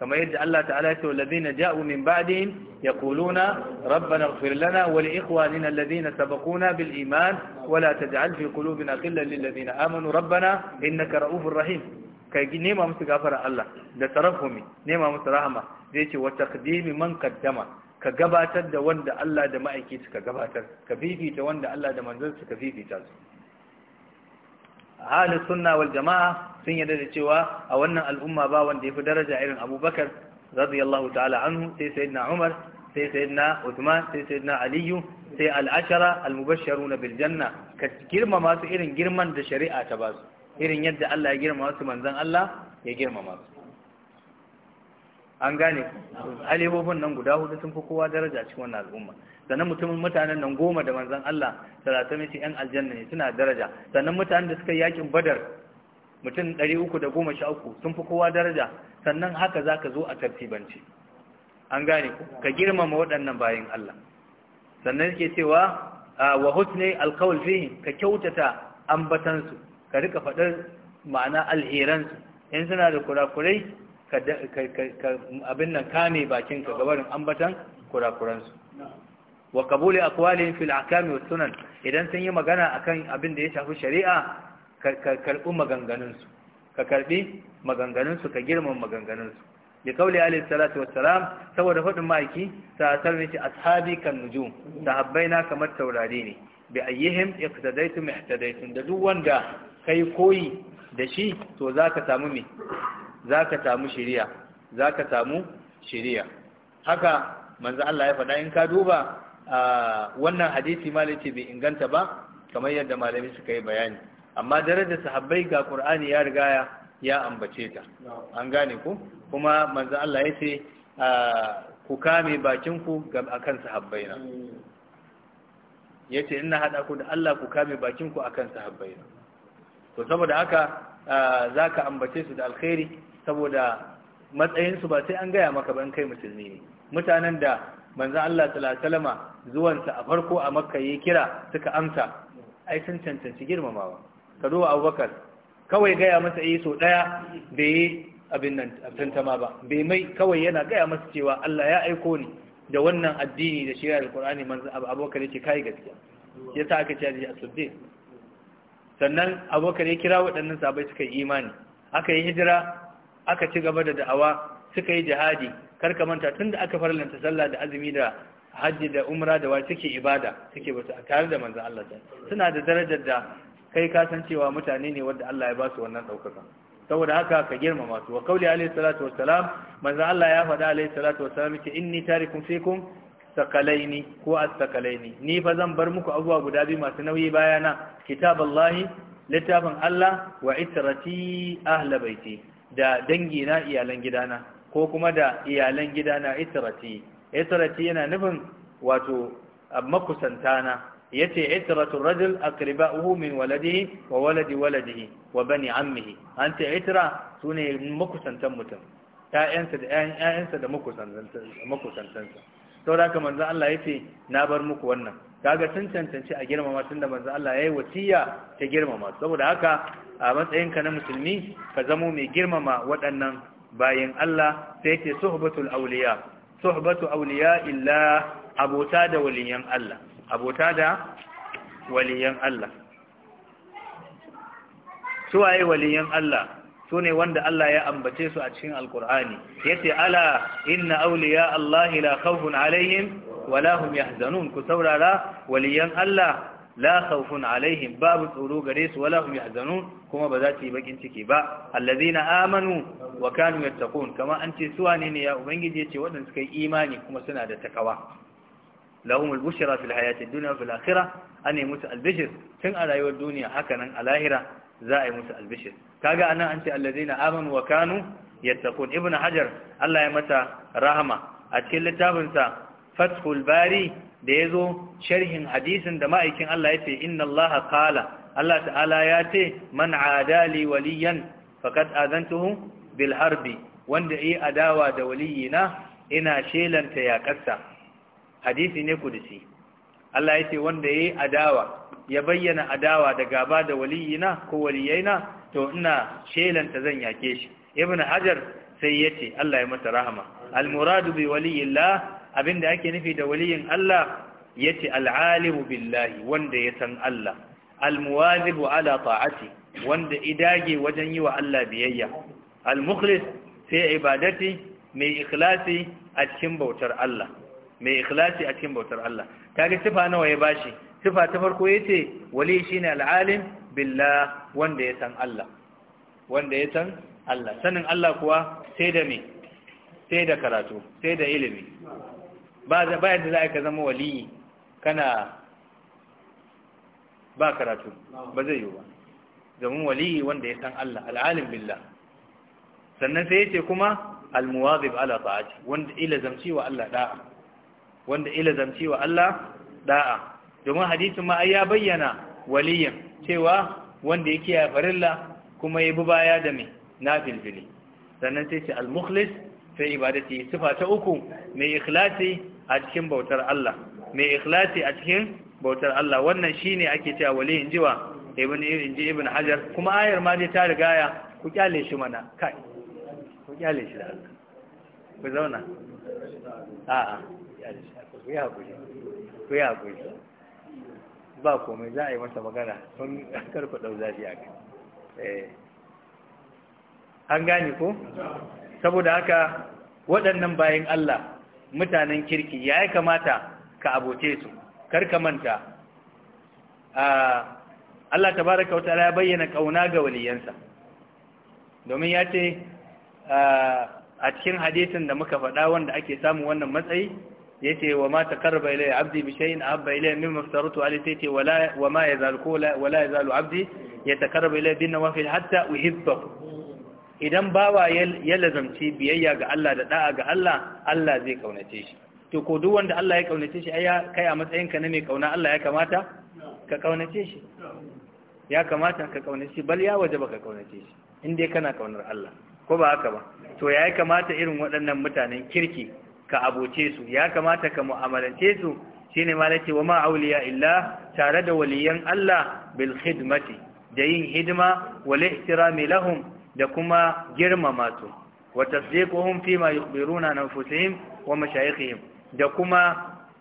kamar yadda Allah ta'ala ce waladina ja'u min ba'din ya kuluna rabbana ghfir lana wa li ikhwanina alladhina sabaquna bil iman wa la taj'al fi qulubina ghillan lil ladina amanu rabbana innaka ra'ufur rahim kai nema musu gafara Allah da tarahumi nema musu rahama zai ce wa taqdimi man kaddama ka gabatar da wanda Allah da ma'aikaci ka gabatar ka fifita wanda Allah da manzon su ka fifita su ahalin sunna wal jama'a sun yarda da cewa a wannan al'umma ba wanda ya fi daraja irin abubakar radiyallahu ta'ala anhu sai sayyidina umar sai sayyidina uthman sai sayyidina aliyu sai al'ashara al-mubashsharuna bil biljanna ka girmama su irin girman da shari'a ta ba su irin yadda Allah ya girmama su manzon Allah ya girmama su an gane alibobin nan guda hudu sun fi kowa daraja cikin wannan al'umma sannan mutumin mutanen nan goma da manzan Allah sallallahu alaihi wasallam yan aljanna ne suna daraja sannan mutanen da suka yakin badar mutum ɗari uku da goma sha uku sun fi kowa daraja sannan haka za ka zo a tartibance an gane ka girmama waɗannan bayan Allah sannan yake cewa wa husni alqawl fihi ka kyautata ambatansu ka rika faɗar ma'ana alheransu in suna da kurakurai abin nan kame bakinka gabarin ambatan kurakuransu wa kabuli akwalin fil akami wa sunan idan sun yi magana akan abin da ya shafi shari'a ka karbi maganganunsu ka karbi maganganunsu ka girman maganganunsu da kauli alayhi salatu salam saboda faɗin maiki ta ne ashabi kan nujum sahabbaina kamar taurari ne bi ayyihim iqtadaytum ihtadaytum da duk wanda kai koyi da shi to zaka samu mi za ka samu shiriya za ka samu shiriya haka manzo Allah ya faɗa in ka duba wannan hadisi malice bai inganta ba kamar yadda malami suka yi bayani amma darajar sahabbai ga Qur'ani ya riga ya ambace ta an gane ku kuma manzo Allah ya ce ku kame bakinku ga akan sahabbai na yace ina hada ku da Allah ku kame bakinku akan sahabbai na to saboda haka zaka ambace su da alkhairi saboda matsayinsu ba sai an gaya maka ban kai musulmi ne mutanen da manzan Allah salama zuwansa a farko a makka ya kira suka amsa ai sun cancanci girmamawa ka zo abubakar kawai gaya masa yi eh so ɗaya da yi abin nan tantama ba bai mai kawai yana gaya masa cewa Allah ya aiko ni da wannan addini da shirya alkur'ani manzan abubakar yake kai gaskiya ya sa aka ce a asubdin sannan abubakar ya kira waɗannan sabai suka yi imani aka yi hijira aka ci gaba da da'awa suka yi jihadi kar ka manta tunda aka farlanta sallah da azumi da hajji da umra da wa suke ibada suke a tare da manzon Allah suna da darajar da kai kasancewa mutane ne wanda Allah ya ba su wannan daukaka saboda haka ka girmama su wa kauli alayhi salatu wassalam manzon Allah ya faɗa alayhi salatu wassalam ce inni tarikum fikum sakalaini ko as-sakalaini ni fa zan bar muku abuwa guda biyu masu nauyi bayana kitaballahi littafin Allah wa itrati ahla baiti da dangi na iyalan gidana ko kuma da iyalan gidana itirati itirati yana nufin wato makusantana yace itratu rajul aqriba'uhu min waladihi wa waladi waladihi wa bani ammihi anta itra sune makusantan mutum ƴaƴansa da ƴaƴansa da makusantansa makusantansa saboda haka manzo Allah yace na bar muku wannan kaga sun cancanci a girmama tunda manzo Allah yi wasiya ta girmama saboda haka a matsayinka na musulmi ka zamo mai girmama waɗannan bayan Allah sai ce suhbatul awliya suhbatu awliya illa abota da waliyan Allah abota da waliyan Allah waliyan Allah su ne wanda Allah ya ambace su a cikin alkur'ani yace ala inna awliya Allah la khawfun alaihim wala hum yahzanun ku saurara waliyan Allah la khawfun alaihim babu tsoro gare su wala hum yahzanun kuma ba za su yi bakin ciki ba allazina amanu wa kanu yattaqun kama an ce su wane ne ya ubangiji ce wadanda suka yi imani kuma suna da takawa lahum albushra fil hayati dunya fil akhirah an yi musu albishir tun a rayuwar duniya hakanan a lahira za a yi musu albishir kaga anan an ce allazina amanu wa kanu yattaqun ibnu hajar Allah ya mata rahama a cikin littafinsa fathul bari da ya zo sharhin hadisin da ma'aikin Allah ya ce inna Allah kala Allah ta'ala ya ce man adali waliyan fakat azantuhu bil harbi wanda yi adawa da waliyina ina shelanta ya kasa hadisi ne kudusi Allah ya ce wanda yi adawa ya bayyana adawa da gaba da waliyina ko waliyaina to ina shelanta zan yake shi ibn hajar sai yace Allah ya mata rahama al muradu bi waliyillah Abin da ake nufi da waliyin Allah yace al'alimu billahi wanda ya san Allah almuwazibu ala ta'ati wanda idage wajen yi wa Allah biyayya almukhlis sai ibadati mai ikhlasi a cikin bautar Allah mai ikhlasi a cikin bautar Allah kage sifa nawa ya bashi sifa ta farko yace wali shine al'alim billah wanda ya san Allah wanda ya san Allah sanin Allah kuwa sai sai da karatu sai da ilimi ba ba yadda za ka zama wali kana ba karatu ba zai yi ba zaman wali wanda ya san Allah al'alim billah sannan sai yace kuma almuwazib ala ta'ati wanda ila zamci wa Allah da'a wanda ila zamci wa Allah da'a domin hadisin ma ya bayyana waliyin cewa wanda yake ya farilla kuma ya bi baya da mai nafilfili sannan sai ce al-mukhlis sai ibadati sifa ta uku mai ikhlasi a cikin bautar Allah mai ikhlasi a cikin bautar Allah wannan shine ake cewa wali injiwa ibn inji ibn hajar kuma ayar ma dai ta rigaya ku kyale shi mana kai ku kyale shi da Allah ku zauna a'a ku ya hakuri ku ya hakuri ba komai za a yi masa magana sun karku dau zafi a kai eh an gane ko saboda haka waɗannan bayan Allah mutanen kirki ya yi kamata ka abote su kar ka manta Allah Ta baraka ta'ala ya bayyana kauna ga waliyansa domin ya ce a cikin hadisin da muka faɗa wanda ake samu wannan matsayi ya ce wa ma karba ilai 'abdi bi shay'in ahabba ilayya mimma aftaratu alayhi wala wa ma yazalu wala yazalu 'abdi yataqarrabu ilai bin nawafil hatta uhibbahu idan bawa ya lazamci biyayya ga Allah da da'a ga Allah Allah zai kaunace shi to ko duk wanda Allah ya kaunace shi ai kai a matsayin ka na mai kauna Allah ya kamata ka kaunace shi ya kamata ka kaunace shi bal ya wajaba ka kaunace shi in dai kana kaunar Allah ko ba haka ba to ya kamata irin waɗannan mutanen kirki ka aboce su ya kamata ka mu'amalance su shine ma wa ma auliya illa tare da waliyan Allah bil khidmati da yin hidima wal ihtirami lahum da kuma girmama su wa tasdiquhum fima yukhbiruna anfusihim wa mashayikhihim da kuma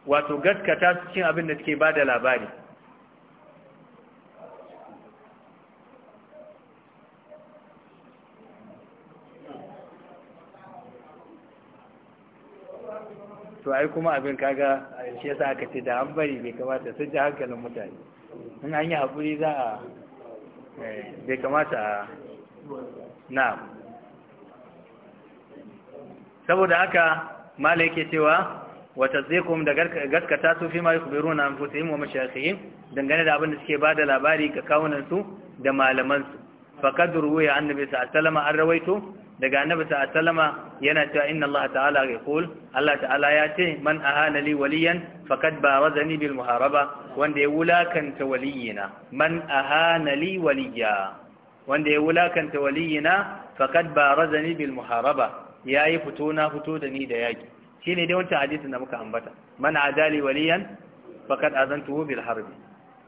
wato gaskata su cin abin da suke bada labari to ai kuma abin kaga shi yasa aka ce da an bari bai kamata sun ji hankalin mutane in an yi haƙuri za a eh, bai kamata a na'am saboda haka mala yake cewa wata kuma da gaskata su fi ma na amfusayin wa mashayikhihim dangane da abin da suke da labari ga kawunansu da malamansu, su faqad annabi sa asalama an rawaito daga annabi sa asalama yana cewa inna Allah ta'ala yaqul Allah ta'ala ya ce man ahana li waliyan faqad barazani bil muharaba wanda ya wulakanta waliyina man ahana li waliya wanda ya wulakanta waliyina faqad barazani bil muharaba yayi fito na fito da ni da yaki shine dai wancan hadisin da muka ambata man adali waliyan faqad azantuhu bil harbi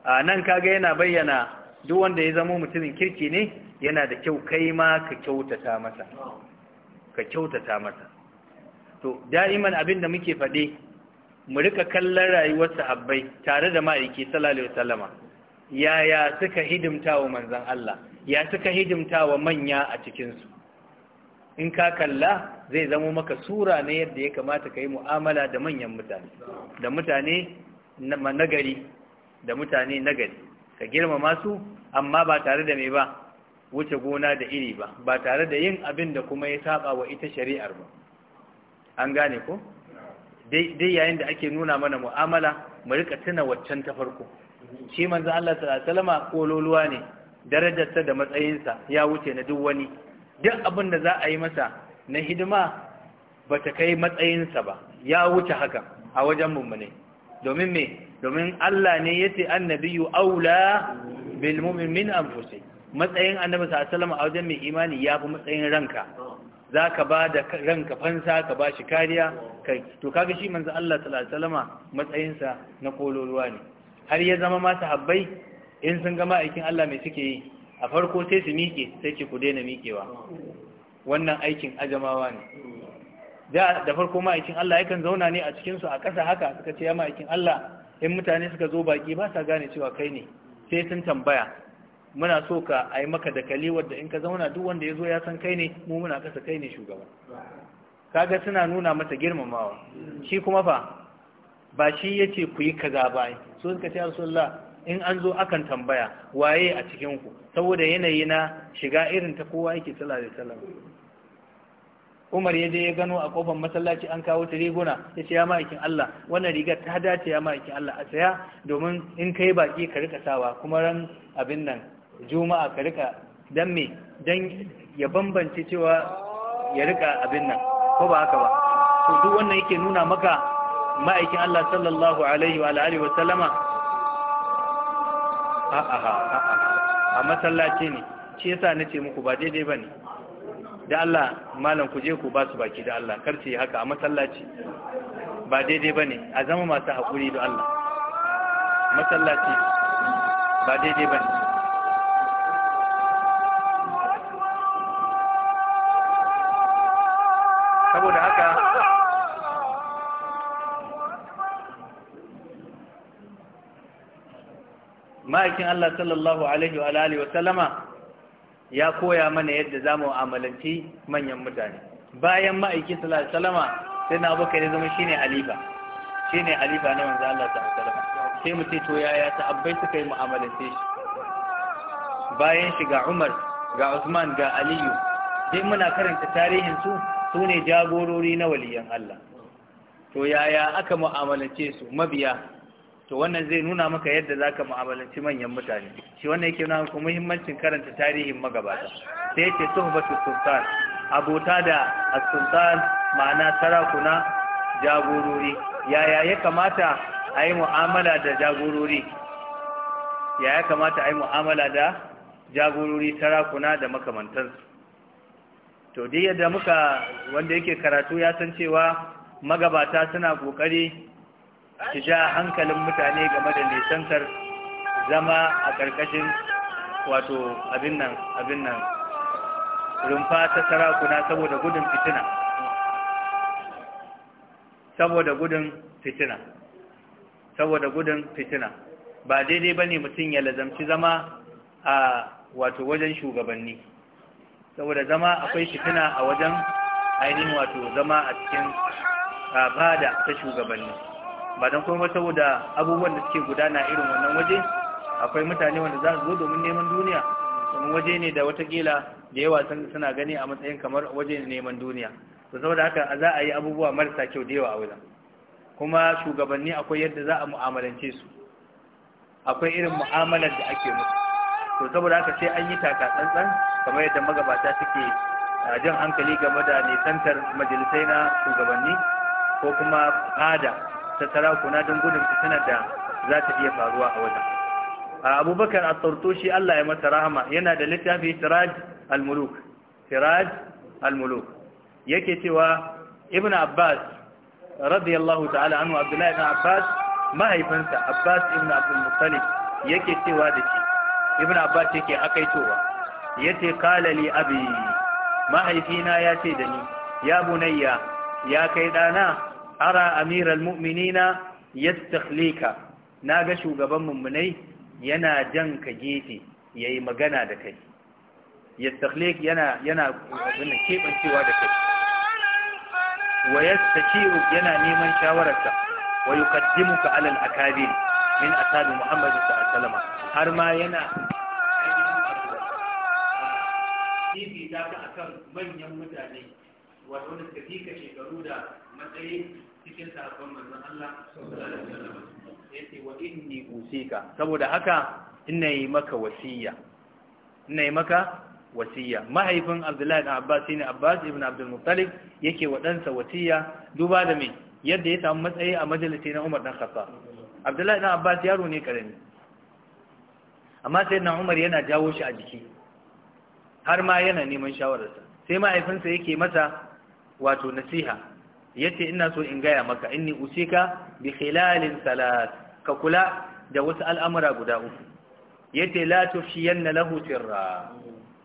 a nan kaga yana bayyana duk wanda ya zama mutumin kirki ne yana da kyau kai ma ka kyautata masa ka kyautata masa to da'iman abin da muke faɗi mu rika kallon rayuwar sahabbai tare da ma'aiki sallallahu alaihi wasallama yaya suka hidimta wa manzon Allah ya suka hidimta wa manya a cikinsu in ka kalla zai zamo maka sura na yadda ya kamata ka yi mu'amala da manyan mutane da mutane nagari da mutane nagari ka girmama su amma ba tare da mai ba wuce gona da iri ba ba tare da yin abin da kuma ya saba wa ita shari'ar ba an gane ko dai yayin da ake nuna mana mu'amala mu rika tuna waccan ta farko shi manzo Allah sallallahu alaihi wasallama kololuwa ne darajarsa da matsayinsa ya wuce na duk wani duk abin da za a yi masa na hidima ba ta kai matsayinsa ba ya wuce haka a wajen mummune domin me domin Allah ne ya ce annabiyu aula bil mu'min anfusi matsayin annabi sallallahu a wajen mai imani ya fi matsayin ranka zaka ba da ranka fansa ka ba shi kariya kai to kaga shi manzo Allah sallallahu alaihi wasallama matsayinsa na kololuwa ne har ya zama ma sahabbai in sun gama aikin Allah mai suke yi a farko sai su miƙe sai ce ku daina miƙewa wannan aikin ajamawa ne da da farko ma'aikin Allah yakan zauna ne a cikinsu. a ƙasa haka suka ce ya ma'aikin Allah in mutane suka zo baƙi ba sa gane cewa kai ne sai sun tambaya muna so ka a yi maka da kaliwar da in ka zauna duk wanda ya zo ya san kai ne mu muna ƙasa kai ne shugaba kaga suna nuna masa girmamawa shi kuma fa ba shi ya ce ku yi kaza ba so suka ce Allah in an zo akan tambaya waye a cikinku saboda yanayi na shiga irin ta kowa yake sallallahu alaihi wasallam Umar ya je ya gano a kofar masallaci an kawo ta riguna ya ce ya ma'aikin Allah wannan rigar ta dace ya ma'aikin Allah a saya domin in kai baki ka rika sawa kuma ran abin nan juma'a ka rika dan me dan ya bambance cewa ya rika abin nan ko ba haka ba to duk wannan yake nuna maka ma'aikin Allah sallallahu alaihi wa alihi wa sallama a'a a masallaci ne shi yasa ce muku ba daidai ba ne. da Allah malam ku je ku ba su baki da Allah karce haka a masallaci ba daidai ba ne. a zama masu haƙuri da Allah masallaci ba daidai ba ne. ma'aikin Allah sallallahu alaihi wa alihi wa sallama ya koya mana yadda za mu amalanci manyan mutane bayan ma'aikin sallallahu alaihi wa sallama sai na abubakar ya zama shine halifa shine halifa na manzo Allah sallallahu alaihi wa sallama sai mu ce to yaya sahabbai suka yi mu'amalance shi bayan shi ga Umar ga Usman ga Aliyu sai muna karanta tarihin su sune jagorori na waliyan Allah to yaya aka mu'amalance su mabiya to wannan zai nuna maka yadda za ka mu'amalanci manyan mutane shi wannan yake nuna maka muhimmancin karanta tarihin magabata sai yake suhbatu sultan abota da as-sultan ma'ana sarakuna jagorori yaya ya kamata a yi mu'amala da jagorori yaya kamata a yi mu'amala da jagorori sarakuna da makamantansu to dai yadda muka wanda yake karatu ya san cewa magabata suna kokari ki ja hankalin mutane game da nisantar zama a ƙarƙashin wato abin nan abin nan rumfa ta sarakuna saboda gudun fitina saboda gudun fitina saboda gudun fitina ba daidai ba ne mutum ya lazamci zama a wato wajen shugabanni saboda zama akwai fitina a wajen ainihin wato zama a cikin da ta shugabanni ba don kuma saboda abubuwan da suke gudana irin wannan waje akwai mutane wanda za su zo domin neman duniya domin waje ne da watakila da yawa suna gani a matsayin kamar waje ne neman duniya to saboda haka za a yi abubuwa marasa kyau da yawa a wajen kuma shugabanni akwai yadda za a mu'amalance su akwai irin mu'amalar da ake musu to saboda haka sai an yi taka tsantsan kamar yadda magabata suke jan hankali game da nisantar majalisai na shugabanni ko kuma fada ta sarakuna don gudun fitinar da za ta iya faruwa a wajen abubakar at-tartushi Allah ya masa rahama yana da littafi siraj al-muluk siraj al-muluk yake cewa ibn abbas radiyallahu ta'ala anhu abdullahi ibn abbas mahaifinsa abbas ibn abdul muttalib yake cewa da shi ibn abbas yake akaitowa yace qala li abi mahaifina ya ce da ni ya bunayya ya kai dana ara amiral mu'minina yastakhlika na ga shugaban mummunai yana jan ka gefe yayi magana da kai yastakhlik yana yana wannan da kai wa yana neman shawararka wa yuqaddimuka ala al-akabir min asabi muhammad sallallahu alaihi har ma yana kifi akan manyan mutane wato da suka shekaru da matsayin cikin sahabban manzon Allah sallallahu alaihi wasallam yace wa inni usika saboda haka ina yi maka wasiya ina yi maka wasiya mahaifin Abdullahi ibn Abbas ne Abbas ibn Abdul Muttalib yake wa ɗansa wasiya duba da me yadda ya samu matsayi a majalisi na Umar dan Khattab Abdullahi ibn Abbas yaro ne karami amma sai na Umar yana jawo shi a jiki har ma yana neman shawararsa sai mahaifinsa yake masa wato nasiha yace ina so in gaya maka In inni usika bi khilalin salat ka kula da wasu al'amura guda uku yace la tufshiyanna lahu sirra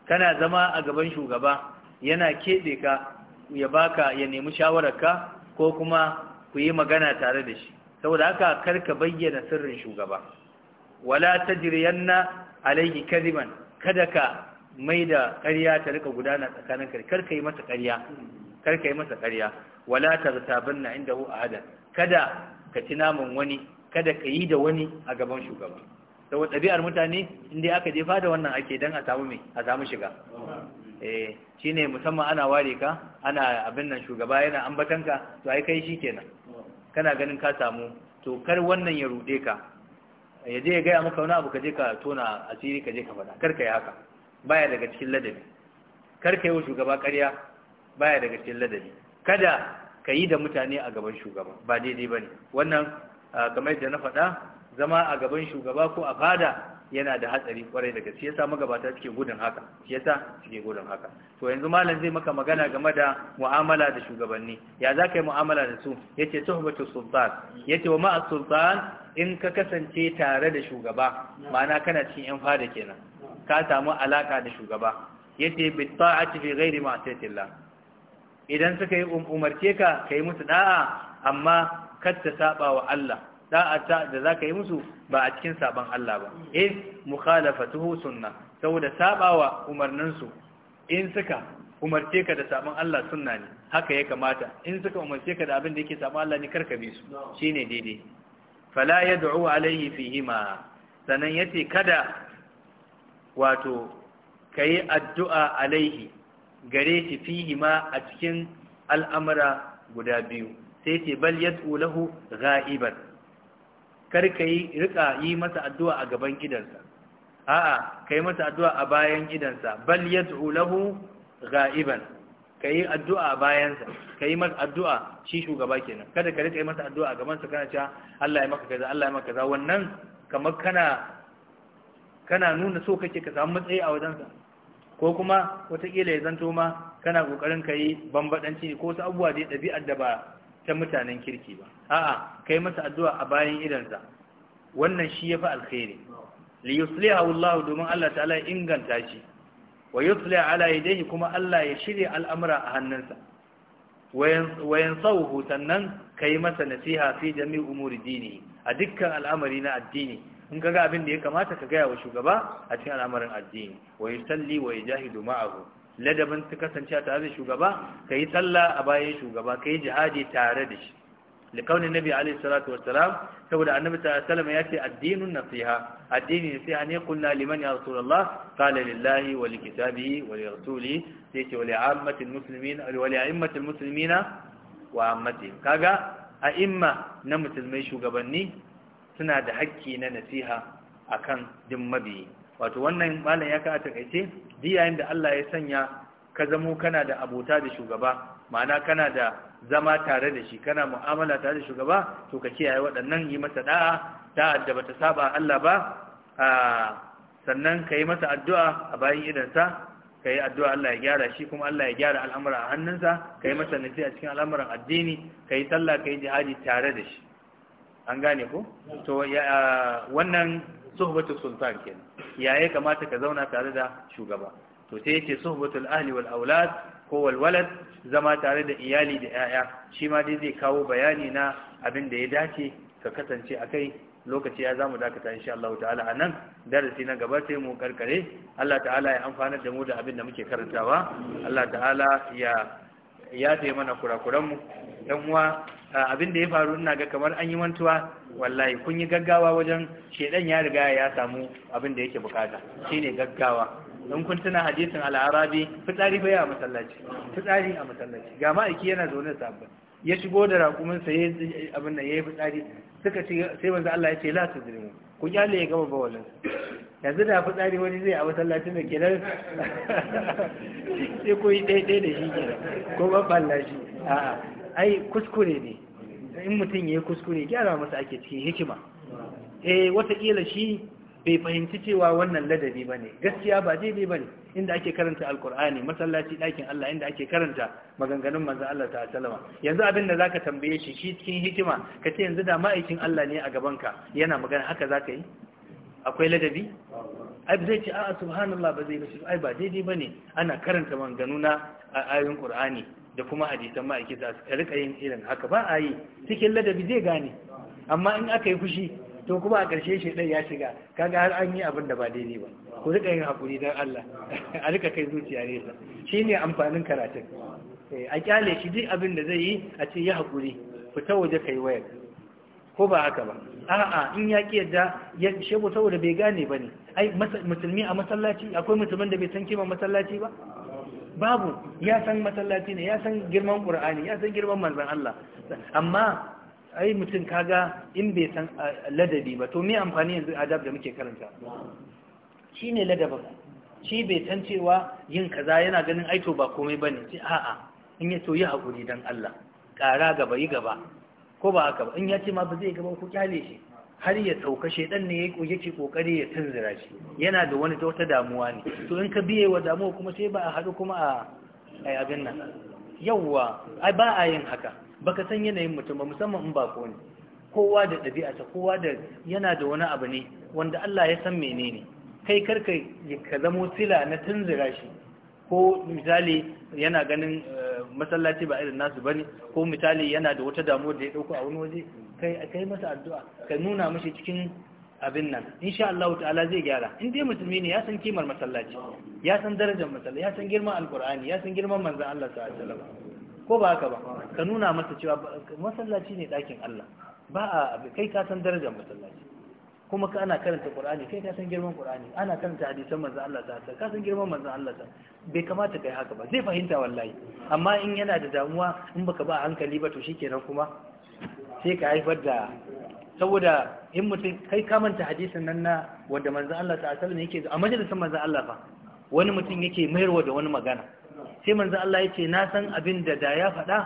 kana zama a gaban shugaba yana keɓe ka ya baka ya nemi shawararka ko kuma ku yi magana tare da shi saboda haka kar ka bayyana sirrin shugaba wala tajriyanna alayhi kadiban kada ka maida ƙarya ta rika gudana tsakanin kar ka yi masa ƙarya kar ka yi masa ƙarya wala tartabanna indahu ahada kada ka ci naman wani kada ka yi da wani a gaban shugaba wata ɗabi'ar mutane inda aka jefa da wannan ake dan a samu mai a samu shiga eh ne musamman ana ware ka ana abin nan shugaba yana ambatanka, ka to ai kai shi kenan kana ganin ka samu to kar wannan ya rude ka ya je ya gaya maka wani abu ka je ka tona asiri ka je ka faɗa kar ka yi haka baya daga cikin ladabi kar ka yi wa shugaba ƙarya baya daga cikin ladabi kada ka yi da mutane a gaban shugaba ba daidai ba ne wannan kamar yadda na faɗa zama a gaban shugaba ko a fada yana da hatsari kwarai daga shi yasa magabata suke gudun haka shi yasa suke gudun haka to yanzu malam zai maka magana game da mu'amala da shugabanni ya za ka yi mu'amala da su yace tuhbatu sultan yace wa ma'a sultan in ka kasance tare da shugaba ma'ana kana cikin yan fada kenan ka samu alaka da shugaba yace bi ta'ati fi ghairi ma'siyatillah idan suka yi um, umarce ka ka yi musu da'a amma kar ta saba wa Allah da'a da za ka yi musu ba a cikin saban Allah ba in mukhalafatuhu sunna saboda saba wa umarninsu in suka umarce ka da saban Allah sunna ne haka ya kamata in suka umarce ka da abin da yake saban Allah ne karka bi su shine daidai fala yad'u alayhi fihima sanan yace kada wato kai addu'a alaihi gare shi fihi ma a cikin al'amura guda biyu sai ce bal ya lahu gha'iban karka yi rika yi masa addu'a a gaban gidansa a'a ka yi masa addu'a a bayan gidansa bal yad'u lahu Ka yi addu'a a bayansa Ka yi masa addu'a shi shugaba kenan kada ka rika yi masa addu'a a gaban kana cewa Allah ya maka kaza Allah ya maka kaza wannan kamar kana kana nuna so kake ka samu matsayi a wajensa ko kuma watakila ya zanto ma kana kokarin ka yi bambadanci ko wasu abubuwa da ɗabi'ar da ba ta mutanen kirki ba a'a kai masa addu'a a bayan idansa wannan shi fi alkhairi li yuslihu Allah domin Allah ta'ala ya inganta shi wa yuslihu ala yadayhi kuma Allah ya shirya al'amura a hannunsa wayan sauhu sannan ka yi masa nasiha fi jami umuri dini a dukkan al'amari na addini in ka ga abin da ya kamata ka gaya wa shugaba a cikin al'amarin addini wa salli wa jahidu ma'ahu ladabin ta kasance tare da shugaba ka yi sallah a bayan shugaba ka yi jihadi tare da shi likaunin nabi alaihi salatu salam saboda annabi ta sallama ya ce addinun nasiha addini nasiha ne Kunna liman ya rasulullah qala lillahi wa li kitabihi wa li rasuli sai ce wa li ammatil muslimin wa li a'immatil muslimina wa ammatihim kaga a'imma na musulmai shugabanni suna da hakki na nasiha akan din mabiyi wato wannan malam ya ka takaice diyayen da Allah ya sanya ka zamo kana da abota da shugaba ma'ana kana da zama tare da shi kana mu'amala tare da shugaba to ka kiyaye waɗannan yi masa da'a da'a da bata saba Allah ba sannan ka yi masa addu'a a bayan idansa ka yi addu'a Allah ya gyara shi kuma Allah ya gyara al'amura a hannunsa ka yi masa nasi cikin al'amuran addini ka yi sallah ka yi jihadi tare da shi an gane ko to wannan suhbatul sultan kenan yaye kamata ka zauna tare da shugaba to sai yace suhbatul ahli wal aulad ko wal walad zama tare da iyali da yaya shi ma dai zai kawo bayani na abin da ya dace ka kasance akai lokaci ya zamu dakata insha Allah ta'ala anan darasi na gaba sai mu karkare Allah ta'ala ya amfanar da mu da abin da muke karantawa Allah ta'ala ya ya mana kurakuran mu dan uwa abin da ya faru ina ga kamar an yi mantuwa wallahi kun yi gaggawa wajen shedan ya riga ya samu abin da yake bukata shine gaggawa in kun tuna hadisin al'arabi fitsari bai a masallaci fitsari a masallaci ga ma'aiki yana zaune da sabbin ya shigo da rakumin sa yayi abin nan yayi fitsari suka ce sai manzo Allah ya ce la tuzrimu ku kyale ya ba bawalin yanzu da fitsari wani zai a masallacin da ke nan sai ko yi ɗaiɗai da shi ke ko ban lashi a'a ai kuskure ne in mutum ya yi kuskure gyara masa ake cikin hikima eh watakila shi bai fahimci cewa wannan ladabi ba ne gaskiya ba daidai ba ne inda ake karanta alkur'ani masallaci ɗakin Allah inda ake karanta maganganun manzan Allah ta salama yanzu abin da za ka tambaye shi shi cikin hikima ka ce yanzu da ma'aikin Allah ne a gabanka yana magana haka za ka yi akwai ladabi ai zai ce a'a subhanallah ba zai ba shi ai ba daidai ba ne ana karanta maganganu na ayoyin qur'ani da kuma hadisan ma'aiki za su rika yin irin haka ba a yi cikin ladabi zai gane amma in aka yi fushi to kuma a ƙarshe shi ɗai ya shiga kaga har an yi abin da ba daidai ba ku rika yin haƙuri don Allah a rika kai zuciya nesa shi ne amfanin karatun eh, a kyale shi duk abin da zai yi a ce ya haƙuri fita waje kai wayar ko ba haka ba a'a in ya ki yadda ya shebo saboda bai gane ba ne ai musulmi a masallaci akwai musulmin da bai san kima masallaci ba babu ya san masallaci ne ya san girman qur'ani ya san girman manzon Allah amma ai mutum kaga in bai san ladabi ba to me amfani yanzu adab da muke karanta Shi ne ladabin shi bai san cewa yin kaza yana ganin aito ba komai bane sai a'a in ya soyi yi hakuri dan Allah ƙara gaba yi gaba ko ba haka ba in ya ce ma ba zai gaba ku kyale shi har ya sauka shaidan ne yake kokari ya tunzura shi yana da wani wata damuwa ne to in ka biye wa damuwa kuma sai ba a haɗu kuma a abin nan yawwa ai ba a yin haka baka san yanayin mutum ba musamman in ba ko ne kowa da ta kowa da yana da wani abu ne wanda Allah ya san menene kai karka ka zamo sila na tunzura shi ko misali yana ganin eh, masallaci ba irin nasu bane ko misali yana da wata damuwa da ya dauko a wani waje kai masa addu'a ka nuna mashi cikin abin nan insha Allah ta'ala zai gyara in dai musulmi ne ya san kimar masallaci ya san darajar masallaci ya san girman alqur'ani ya san girman manzon Allah sallallahu alaihi wasallam ko ba haka ba ka nuna masa cewa masallaci ne dakin Allah ba a kai ka san darajar masallaci kuma ka ana karanta qur'ani kai ka san girman qur'ani ana karanta hadisan manzon Allah sallallahu alaihi wasallam ka san girman manzon Allah sallallahu bai kamata kai haka ba zai fahimta wallahi amma in yana da damuwa in baka ba hankali ba to shikenan kuma sai ka haifar da saboda in mutum kai kamanta hadisin nan na wanda manzan Allah ta asalin yake a majalisar manzan Allah fa wani mutum yake mayarwa da wani magana sai manzan Allah ya ce na san abin da da ya faɗa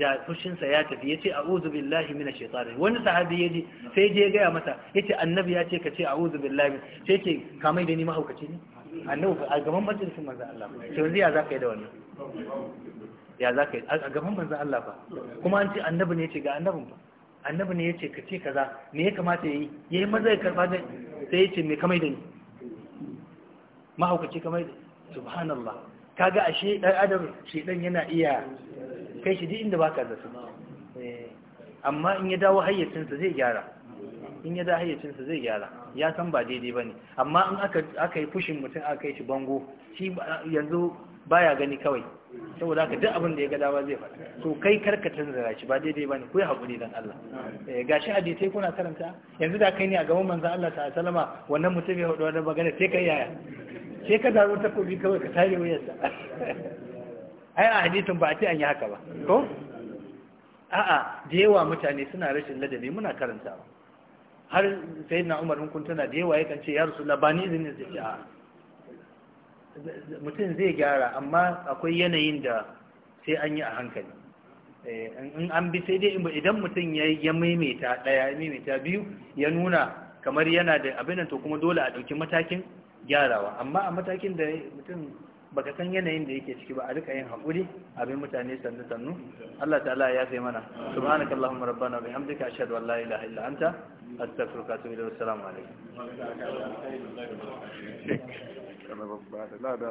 da fushinsa ya tafi ya ce a'udhu billahi mina shekaru, wani sahabi ya ji sai je ya gaya masa ya ce annabi ya ce ka ce uzu billahi sai ce kamai da ni mahaukaci ne annabi a gaban majalisar manzan Allah yanzu ya ka yi da wannan ya ka yi a gaban manzan Allah ba kuma an ce annabi ne ce ga annabin ba annabi ne yace ka ce kaza me ya kamata yayi yayi maza ya karba da sai yace me kamai da ni mahaukaci kamai da subhanallah kaga ashe dan adam shedan yana iya kai shi duk inda baka zato eh, amma in ya dawo hayyacinsa zai gyara in ya dawo hayyacinsa zai gyara ya san ba daidai bane amma in aka aka yi fushin mutum aka yi shi bango shi yanzu baya gani kawai saboda haka duk abin da ya ga dama zai faɗa to kai karka tanzara shi ba daidai bane ku yi haƙuri dan Allah eh, gashi hadisai kuna karanta yanzu da kai ne a gaban manzon Allah ta sallama wannan mutum ya hudu wannan magana sai kai yaya sai ka zaro takobi kawai ka tare sa ai a hadisin ba a ce an yi haka ba ko a'a da yawa mutane suna rashin ladabi muna karantawa har sayyidina Umar mun da yawa yakan ce ya Rasulullah ba ni izinin sai a'a mutum zai gyara amma akwai yanayin da sai an yi a hankali eh, in an bi sai dai idan mutum ya maimaita ɗaya ya maimaita biyu ya nuna kamar yana da abin to kuma dole a ɗauki matakin gyarawa amma a matakin da mutum baka san yanayin da yake ciki ba a rika yin haƙuri abin mutane sannu sannu Allah ta'ala ya fi mana subhanaka allahumma rabbana bihamdika ashhadu an la ilaha illa anta astaghfiruka wa atubu ilayk assalamu alaikum ka babba da lada